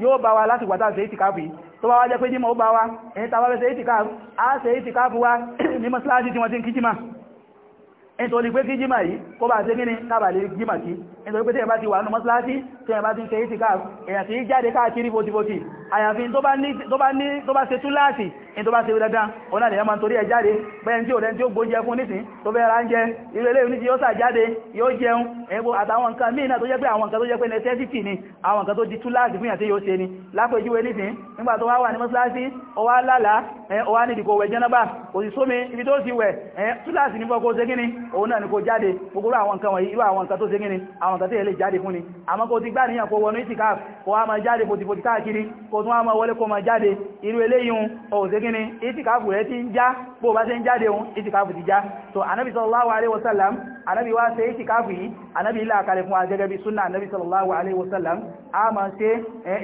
yóò bá wa láti gbàtà ṣe ìtìkáàfù yìí tó bá wá jẹ́ pé jímọ̀ ó bá wa ẹni tàbá fẹ́ ṣe ìtìkáàfù á ṣe ìtìkáàfù wa ní mọ́sálásí tí wọ́n ti ń kíjímà nítorí pé kí jímà yìí kó bá ṣe gíní kábà lè jímà kí nítorí pé tí ẹ bá ti wà nínú mọ́sálásí tí ẹ bá ti ń ṣe ìtìkáàfù èèyàn kì jáde káàkiri bótibóti àyàfi tó bá ṣe tú láti in tó bá ṣe dandan ọ̀nà lè yàmà torí ẹ jáde bẹ́ẹ̀ tí ò rẹ̀ tí ó gbóúnjẹ fún nísìn tó bẹ́ẹ̀ ra ń jẹ irú ilé oníṣẹ́ yóò sàjáde yóò jẹun ẹgbò àtàwọn nǹkan míì náà tó jẹ́ pé àwọn nǹkan tó jẹ́ pé necessity ni àwọn nǹkan tó di tú láti fún ni lápèjúwe nísìn nígbà ní mọ́sálásí ó ni kò jáde gbogbo àwọn nǹkan wọ̀nyí irú àwọn nǹkan tó ṣe gíní àwọn nǹkan tí ẹ lè jáde fún ni àmọ́ kò ti gbá níyàn kò tún àmà wọlé kó ma jáde irú eléyìn òsè kí ni ìtìkáàfù rẹ̀ ti ń já bó bá ṣe ń jáde ohun ìtìkáàfù ti já so anábi sallallahu alaihi wasallam anábi wá ṣe ìtìkáàfù yìí anábi ilá àkàlẹ̀ fún agẹ́gẹ́ bí súnà anábi sallallahu alaihi wasallam a ma ṣe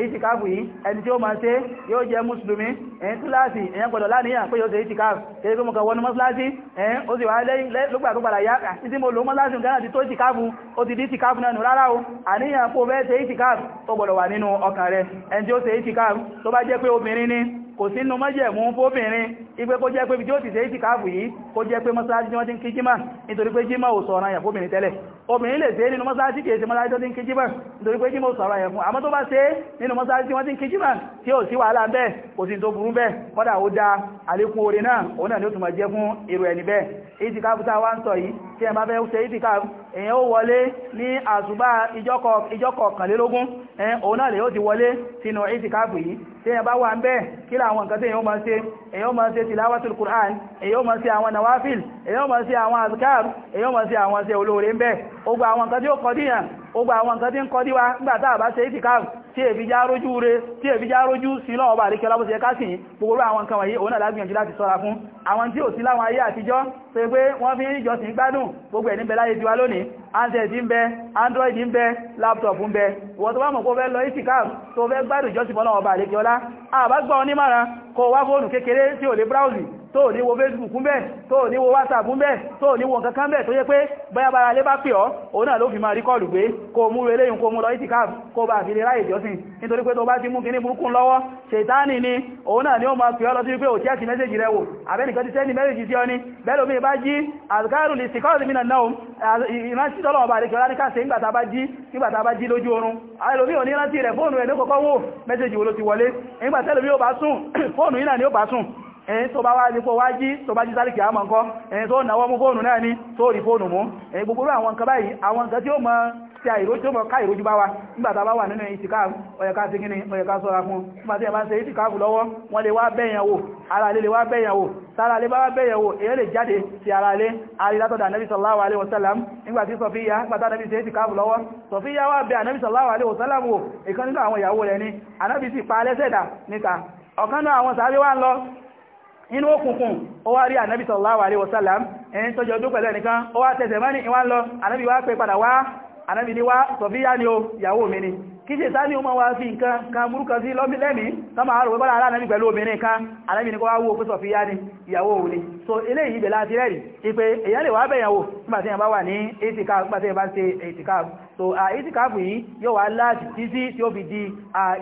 ìtìkáàfù yìí ẹni tí ó ma ṣe yóò jẹ́ mùsùlùmí ẹ̀yìn túláàsì ẹ̀yìn gbọ́dọ̀ láníyàn pé yóò ṣe ìtìkáàfù kéré pé mo kàn wọnú mọ́síláàsì ẹ̀yìn ó sì wá lógbà tó padà yá títí mo lò mọ́síláàsì nǹkan àti tó ìtìkáàfù ó ti di ìtìkáàfù náà nù rárá ìtìkáàrù tó bá jẹ́ pé obìnrin ni kò sínú mọ́jẹ̀mú fóbìnrin ipé kó jẹ́ pé bí ó ti ṣe ìtìkáàbù yìí kó jẹ́ pé mọ́sálásí wọ́n ti ń kí jímà nítorí pé jímà ò sọ̀rọ̀ àyàn fóbìnrin tẹ́lẹ̀ obìnrin lè ṣe nínú mọ́sálásí kìí ṣe mọ́sálásí tó ti ń kí jímà nítorí pé jímà ò sọ̀rọ̀ àyàn fún àmọ́ tó bá ṣe nínú mọ́sálásí wọ́n ti ń kí jímà tí ò sí wàhálà ń bẹ́ẹ̀ kò sí tó burú bẹ́ẹ̀ kọ́dà a wá ń sọ yìí tí ẹ bá fẹ́ ṣe èyàn ó wọlé ní àsùbá ìjọ́kọ̀ kànlélógún ẹn òun náà lè ó ti wọlé sínú ìtìkáàfù yìí tí èyàn bá wà ń bẹ́ kí láwọn nǹkan tí èyàn ṣe èyàn Qur'an èyàn ó ṣe àwọn nawafil èyàn ó ṣe àwọn azikar ṣe tí èbí já rójú rẹ̀ tí èbí já rójú sí lọ́wọ́ bá àríkẹ́ lábúsí ẹ̀ká sí gbogbo àwọn nǹkan wọ̀nyí òun náà lágbìyànjú láti sọ́ra fún àwọn tí ò sí láwọn ayé àtijọ́ tó pé wọ́n fi ń jọsìn gbádùn gbogbo ẹ̀ ní bẹ̀láyé tiwa lónìí handset ń bẹ android ń bẹ laptop ń bẹ ìwọ̀n tó bá mọ̀ kó fẹ́ lọ itikaf tó fẹ́ gbádùn jọsìn fọ́nà ọba àríkẹ́ ọlá àbágbà onímọ̀ràn kó wá fóònù kékeré tí ò lè browse tó ní wo facebook ń bẹ́ tó ní wo whatsapp ń bẹ́ tó ní wo nǹkankan bẹ́ tó yẹ pé báyàbára lé bá pè ọ́ òun náà ló fi máa ríkọ́ọ̀lù pé kó mú reléyìn kó mú lọ ìtìkáàf kó bá fi lè ráyè jọ́sìn nítorí pé tó bá ti mú kíní burúkú lọ́wọ́ ṣètáni ni òun náà ni ó máa pè ọ́ lọ sí pé ò tí ẹ̀sì mẹ́sẹ̀jì rẹ̀ wò àbẹ́nìkan ti sẹ́ni mẹ́sẹ̀jì sí ọ ni bẹ́ẹ̀ lómi bá jí àzùkárù lè sì kọ́ọ̀lù mìíràn náà ìrántí tọ́lọ̀ ọba àdékẹ́ ọlá ní káṣe nígbàtà bá jí nígbàtà bá jí lójú oorun ẹlòmí ò ní rántí rẹ̀ fóònù ẹ̀ ló kọ́kọ́ wò mẹ́sẹ̀jì wo ló ti wọlé nígbàtà ẹlòmí ò bá sùn fóònù yìí náà ni ó bá sùn ẹ̀yìn tó bá wá lè pọ̀ wá jí tó bá jí sálìkì àmọ́ nǹkan ẹ̀yìn tó náwọ́ mú fóònù náà ní tó rí fóònù mú ẹ̀yìn gbogbo àwọn nǹkan báyìí àwọn nǹkan tí ó mọ tí àìró bá wa nígbà tá a bá wà nínú ìtìká ọ̀yẹ̀ká sí kíní ọ̀yẹ̀ká sọ́ra sallallahu alaihi wasallam nígbà tí sọfíyà gbàtà nẹ́bí ṣe ìtìká kù lọ́wọ́ sọfíyà wá bẹ ànẹ́bí alaihi wasallam wò ìkan ni ànẹ́bí sì pa alẹ́sẹ̀dà níta ọ̀kan náà àwọn sàárẹ́ ń lọ inú òkùnkùn ó wá rí ànábì sallallahu alaihi wasallam ẹni tó jọ ọdún pẹ̀lú ẹnìkan ó wá tẹsẹ̀ mọ́ ní ìwá lọ ànábì wá pé padà wá ànábì ní wá sọ̀fíyá ni ó yàwó mi ni kí ṣe sáà ní ó máa wá fi nǹkan kan burúkọ sí lọ́mí lẹ́mí tó máa wípọ́lá aláàrẹ́bì pẹ̀lú obìnrin kan aláàrẹ́bì ní kó wá wó pé sọ̀fíyá ni ìyàwó òun so eléyìí ibẹ̀ láti rẹ̀rì ipé èyàn lè wá bẹ̀yàwó nígbàtí èyàn bá wà ní ètìká nígbàtí so ìtìkáàfù yìí yóò wá láti títí tí ó fi di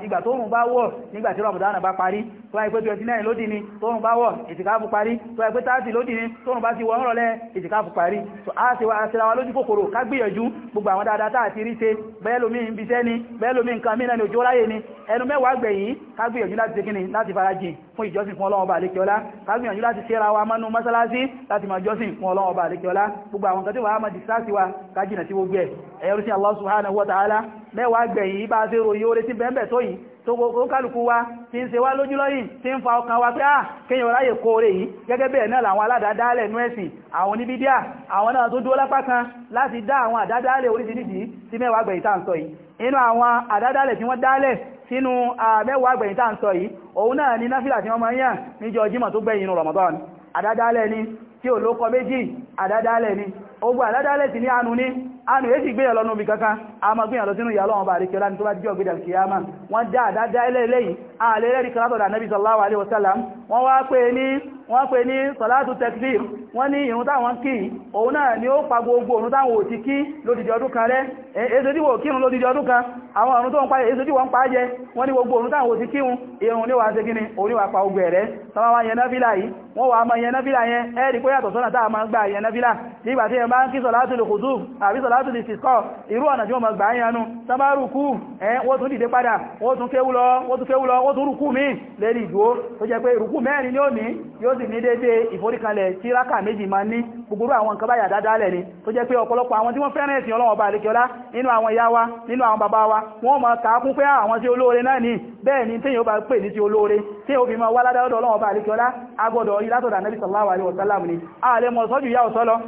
ìgbà tó rùn bá wọ̀ nígbà tí Ramadan bá parí tó wáyé pé 29 lódì ni tó rùn bá wọ̀ ìtìkáàfù parí tó wáyé pé 30 lódì ni tó rùn bá ti wọ́n rọ̀lẹ́ ìtìkáàfù parí so a ṣe wá síra wa lójú kòkòrò ká gbìyànjú gbogbo àwọn dáadáa tá àti rí ṣe bẹ́ẹ̀ lómi ń biṣẹ́ ni bẹ́ẹ̀ lómi nǹkan mìíràn ni òjò ráyè ni ẹnu mẹ́wàá gbẹ̀yìn ká gbìyànjú láti ṣe kíni láti farajìn fún ìjọsìn fún ọlọ́wọ́ bá àlékiọlá kágbìyànjú láti ṣẹ́ra wa mọ́nú mọ́sálásí láti máa jọ́sìn fún ọlọ́wọ́ bá àlékiọlá àwọn Allah subhanahu wa ta'ala mẹ́wàá gbẹ̀yìn bá ṣe ròyìn oore tí bẹ̀ẹ̀bẹ̀ tó yìí tó gbogbo kálùkù wa tí ń ṣe wá lójúlọ́yìn tí ń fa ọkàn wa pé á ah, kíyàn ráyè kó oore yìí gẹ́gẹ́ bẹ̀ẹ̀ náà làwọn aládádálẹ̀ nú ẹ̀sìn àwọn oníbídíà àwọn náà tó dúró lápá kan láti dá àwọn àdádálẹ̀ oríṣiríṣi tí mẹ́wàá gbẹ̀yìn tá ń sọ yìí inú àwọn àdádálẹ̀ tí wọ́n dálẹ̀ sínú mẹ́wàá gbẹ̀yìn tá ń sọ yìí òun náà ni náfìlà tí wọ́n máa ń yàn níjọ́ jímọ̀ tó gbẹ̀yìn inú Ramadan àdádálẹ̀ ni tí ò lókọ méjì àdádálẹ̀ ni ogun àdádálẹ̀ sí ní anu ní àánú èsì gbéyàn lọ́nà obì kankan a ma gbéyàn lọ sínú ìyà lọ́wọ́ bá rí kẹlá ní tó bá jíjọ gbédà kìyàmá wọ́n dá àdádálẹ̀ lẹ́yìn ààlẹ́rẹ́rí kẹlátọ̀dà nẹ́bí sallallahu alaihi wasallam wọ́n wá pé ní wọ́n pè ní sọ̀látù tekbir wọ́n ní ìrun táwọn kí òun náà ni ó pa gbogbo òun táwọn ò ti kí lódìdí ọdún kan rẹ̀ èsòdíwò kírun lódìdí ọdún kan àwọn ọ̀run tó ń pa èsòdíwò ń pàájẹ wọ́n ní gbogbo òun táwọn ò ti kírun ìrun níwà ṣe gíní oníwà pa ogun ẹ̀rẹ́ sọmọwà yẹn náfílà yìí wọ́n wà máa yẹn náfílà yẹn ẹ́ẹ̀rí pé yàtọ̀ sọ́nà táà máa gbà yẹn náfílà nígbà tí ẹ bá ń kí sọ̀látù lè kùtù àbí sọ̀látù lè fìsọ́ irú ọ̀nà tí wọ́n máa gbà yanu sábàrù kú ẹ wọ́n tún dìde padà wọ́n tún kéwú lọ wọ́n tún rùkú mi lẹ́ni ìdúró tó jẹ́ pé rùkú mẹ́rin ni ó ní yóò sì ní dédé ìforíkanlẹ̀ tí rákà méjì máa ní gbogbo àwọn nǹkan báyà dáadáa lẹ̀ ni tó jẹ́ pé ọ̀pọ̀lọpọ̀ àwọn tí wọ́n fẹ́ràn ẹ̀sìn ọlọ́wọ́ bá àlékiọlá nínú àwọn ìyá wa nínú àwọn bàbá wa wọ́n máa kàákún pé ah, àwọn tí olóore náà ni bẹ́ẹ̀ ni téèyàn bá pè ní ti olóore tí ó fi máa wá ládàlọ́dọ̀ ọlọ́wọ́ bá àlékiọlá agbọ́dọ̀ orí látọ̀dà anábì sallallahu alaihi wasallam ni alaihi wasallam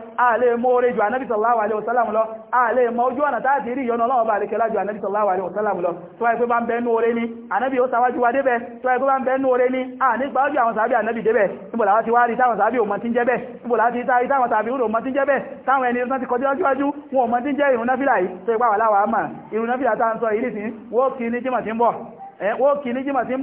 ni anábì ó sáwájú wa débẹ̀ tó wáyé pé bá ń bẹ nú oore ni a nípa ojú àwọn sàábì anábì débẹ̀ níbo làwọn ti wá rí táwọn sàábì ò mọ̀ tí ń jẹ́ bẹ́ẹ̀ àwọn tàbí ìrò mọ́ jẹ́ bẹ́ẹ̀ táwọn ẹni ìrìnà ti kọjá ọjọ́jú wọn ò jẹ́ ìrùn náfìlà yìí tó ipá wà láwàá mà ìrùn náfìlà tá sọ ìrìsìn wọ́n ní jímọ̀ tí ń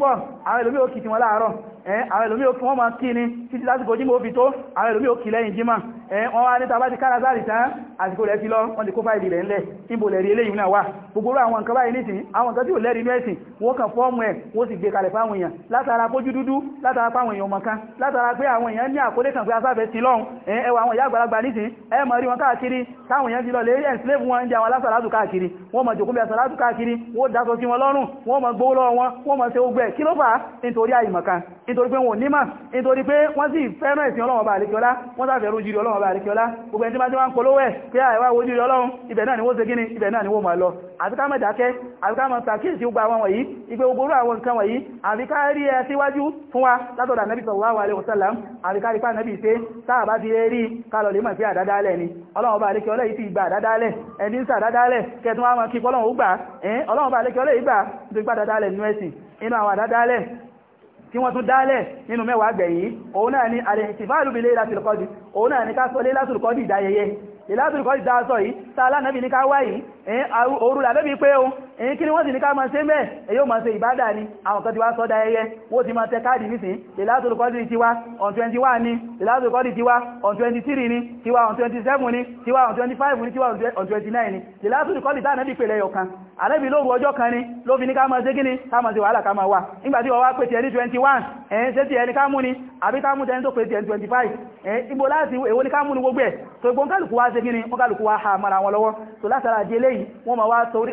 bọ̀ àwọn ìlúmí ó kì tí láàárọ̀ Eh, àwọn ẹlòmí òkú wọ́n ma kí ni títí láti gojú mọ́ fi tó àwọn ẹlòmí òkú lẹ́yìn jímà eh, wọ́n wá ní tàbá ti kára záàrì tán àsìkò rẹ̀ ti lọ wọ́n ti kó fáìlì rẹ̀ ńlẹ̀ níbo lẹ̀rí eléyìí náà wà gbogbo àwọn nǹkan báyìí nìsín àwọn nǹkan tí ò lẹ́rí mẹ́sìn wọ́n kàn fọ́ọ̀mù ẹ̀ wọ́n sì gbé kalẹ̀ fáwọn èèyàn látara pójú dúdú látara fáwọn èèyàn mọ̀kan látara pé àwọn èèyàn ní àkólé kan pé asáfẹ́ sí lọ́hùn eh, ẹwà àwọn ìyá àgbàlagbà nìsín ẹ mọ̀ rí wọn káàkiri táwọn èèyàn ti lọ lè ẹ̀ńsìlẹ́fù wọn ń jẹ àwọn alásàlátù káàkiri wọ́n mọ̀ jòkó bí nítorí pé wọn nímà nítorí pé wọ́n sì fẹ́ràn ẹ̀sìn ọlọ́wọ́ bá àríkíọ́lá wọ́n sáfẹ́rú jírí ọlọ́wọ́ bá àríkíọ́lá gbogbo ẹni tí bá ti wá ń polówó ẹ̀ pé àìwá wo jírí ọlọ́run ibẹ̀ náà ni wó ṣe gíní ibẹ̀ náà ni wó máa lọ àti ká má dákẹ́ sallallahu alaihi wasallam àti ká rí pa ànábì ṣe sáà bá ti rí ká lọ lè mọ̀ sí àdádálẹ̀ ni ọlọ́run bá lékẹ́ ọlẹ́ yìí ti gba àdádálẹ̀ ẹni ń sàdádálẹ̀ kẹtùn àwọn kí inú àwọn àdádálẹ̀ tí wọ́n tún dálẹ̀ nínú mẹ́wàá gbẹ̀yìn òun náà ni àrẹ̀sìfáàlù bí Laylatul Qadr òun náà ni ká sọ Laylatul Qadr ìdáyẹyẹ Laylatul Qadr ìdásọ yìí tààlá náà ní ká wáyìí èyí kí ni wọ́n sì ní ká máa ṣe mẹ́ èyí ó máa ṣe ìbádà ni àwọn kan ti wá sọ́dá ẹyẹ wọ́n ti máa tẹ káàdì nísìn Lailatul Qadri tiwa on 21 ni Lailatul Qadri tiwa on 23 ni tiwa on 27 ni tiwa on 25 ni tiwa on 29 ni Lailatul tá ànábì pèlẹ̀ yọ̀kan ànábì lóru ọjọ́ kan ni ló fi ní ká máa ṣe kíni ká máa ṣe wàhálà ká máa wà nígbà tí wọ́n wá pè tiẹ̀ ní 21 ẹ̀yìn ṣe tiẹ̀ ní ká mú ni àbí ká mú tẹni tó pè tiẹ̀ ní 25 ẹ̀yìn ibo láti èwo ní ká mú ni gbogbo ẹ̀ tó gbọ́n kálukú wá ṣe kíni wọ́n kálukú wá ha mara wọn lọ́wọ́ tó látara di eléyìí wọ́n máa wá torí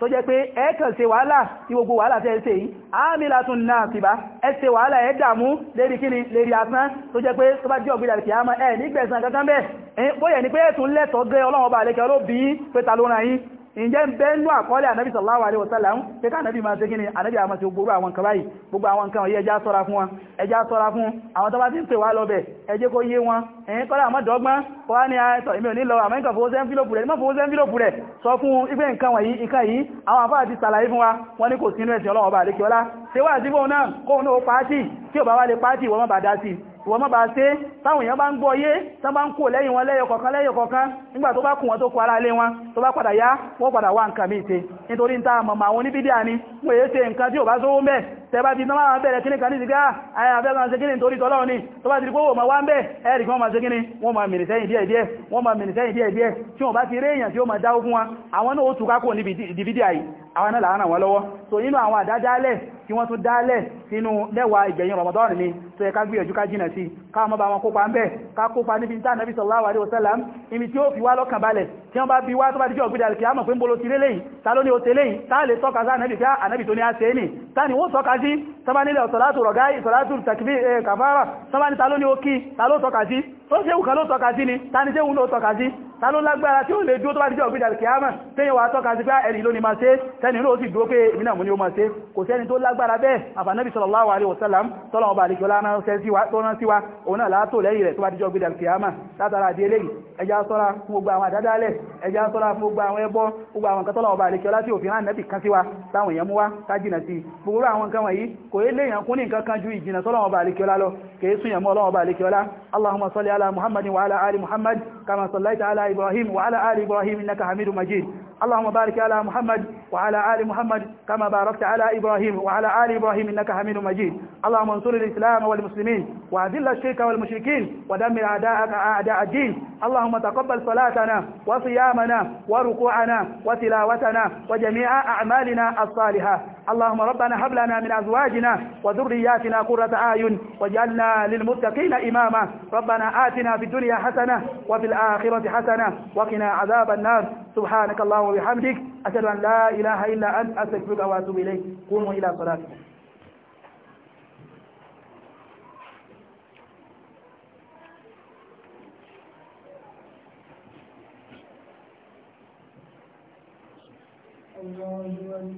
tó jẹ́ pé ẹ̀ẹ́kàn ṣe wàhálà tí gbogbo wàhálà tẹ́ ṣe yìí àmìlà tún náà tìbá ẹ ṣe wàhálà ẹ dààmú lérí kíni lérí asán tó jẹ́ pé tó bá jẹ́ ọ̀gbìn àti àmọ́ ẹ̀ nígbẹ̀sán kankan bẹ́ẹ̀ bóyẹ̀ ni pé ẹ̀tún lẹ́tọ̀ọ́ gẹ́ ọlọ́run ọba àlẹ́kẹ́ olóbi pé ta ló ǹjẹ́ ń bẹ́ ń lú àkọọ́lẹ̀ ànábì sallallahu alaihi wasallam pé ká ànábì máa ṣe kí ni ànábì àmà ti gbogbo àwọn nǹkan báyìí gbogbo àwọn nǹkan ọ̀yẹ́ ẹjá sọ́ra fún wọn ẹjá sọ́ra fún àwọn tó bá ti ń pè wá lọ́bẹ̀ ẹjẹ́ kó yé wọn ẹ̀yìn kọ́lá àmọ́ dọ́gbọ́n kọ́ wá ní àìsàn ah, èmi ò ní lọ àmọ́ nǹkan fowó sẹ́ńfìlòpù rẹ̀ mọ́ fowó sẹ́ńfìlòpù rẹ̀ sọ fún ipe nǹkan wọ̀nyí nǹkan ìwọ mọ́ bá ṣe táwọn èèyàn bá ń gbọ́ yé tán bá ń kò lẹ́yìn wọn lẹ́yọ kọ̀ọ̀kan lẹ́yọ kọ̀ọ̀kan nígbà tó bá kùn wọn tó kọ ara lé wọn tó bá padà yá wọ́n padà wá nǹkan mí ṣe nítorí ń tá àmọ̀mọ̀ àwọn oníbídíà ni wọ́n èé ṣe nǹkan tí ò bá tẹba ti náà bẹ̀rẹ̀ kíní kan ní ti ká àyàfẹ́gbọ́n ṣe kíní torí tọ́lọ́ ni tó bá ti rí kówò ma wá ń bẹ́ ẹ̀rì kan ma ṣe wọ́n ma mìrì sẹ́yìn díẹ̀ wọ́n ma mìrì sẹ́yìn díẹ̀ tí wọ́n bá ti rí èèyàn tí ó ma dáwó fún àwọn náà ó tukakò so nínú àwọn àdájálẹ̀ tí wọ́n tún ká tí wọ́n bá bí wá tó bá díjọ́ ògbídà kí a mọ̀ pé ń bolo ti lélẹ́yìn ta ló ní o tẹ́lẹ́yìn ta lè tọ́ka sáà nẹ́bì pé ah, ànẹ́bì tó ní a ṣe ní ta ni wọ́n tọ́ka sí tọ́bá nílẹ̀ ọ̀sọ̀látù rọ̀gá ìsọ̀látù tàkìfí eh, kàfàrà tọ́bá ta ló lágbára tí ó lè dúró tó bá díjọ́ ògbìdà kìámà tẹ́yìn wà tọ́ka sí pé ah, ẹ̀rì ló ní máa ṣe tẹ́ni ló sì dúró pé ìmìnà mú ní ó máa ṣe kò sẹ́ni tó lágbára bẹ́ẹ̀ àfànẹ́bì sallallahu alaihi wasallam tọ́lọ̀ ọba àlejò lánàá síwá òun náà látò lẹ́yìn rẹ̀ tó bá díjọ́ ògbìdà kìámà látara àdí eléyìí ẹja sọ́ra fún gbogbo àwọn àdádálẹ̀ ẹja sọ́ra fún gbogbo àwọn ẹbọ gbogbo àwọn nǹkan tọ́lọ̀ ọba àlejò láti òfin hàn nẹ́bì kan sí wa táwọn èèyàn mú wá sí gbogbo àwọn nǹkan wọ̀nyí kò yé léèyàn kún ní nǹkan kan ju كما صليت على إبراهيم وعلى آل إبراهيم إنك حميد مجيد اللهم بارك على محمد وعلى آل محمد كما باركت على إبراهيم وعلى آل إبراهيم إنك حميد مجيد اللهم انصر الإسلام والمسلمين وأذل الشرك والمشركين ودمر أعداءك أعداء الدين اللهم تقبل صلاتنا وصيامنا وركوعنا وتلاوتنا وجميع أعمالنا الصالحة اللهم ربنا هب لنا من أزواجنا وذرياتنا قرة أعين واجعلنا للمتقين إماما ربنا آتنا في الدنيا حسنة وفي الآخرة حسنة وقنا عذاب النار سبحانك اللهم وبحمدك أشهد أن لا إله إلا أنت أستغفرك وأتوب إليك قوموا إلى صلاتكم الله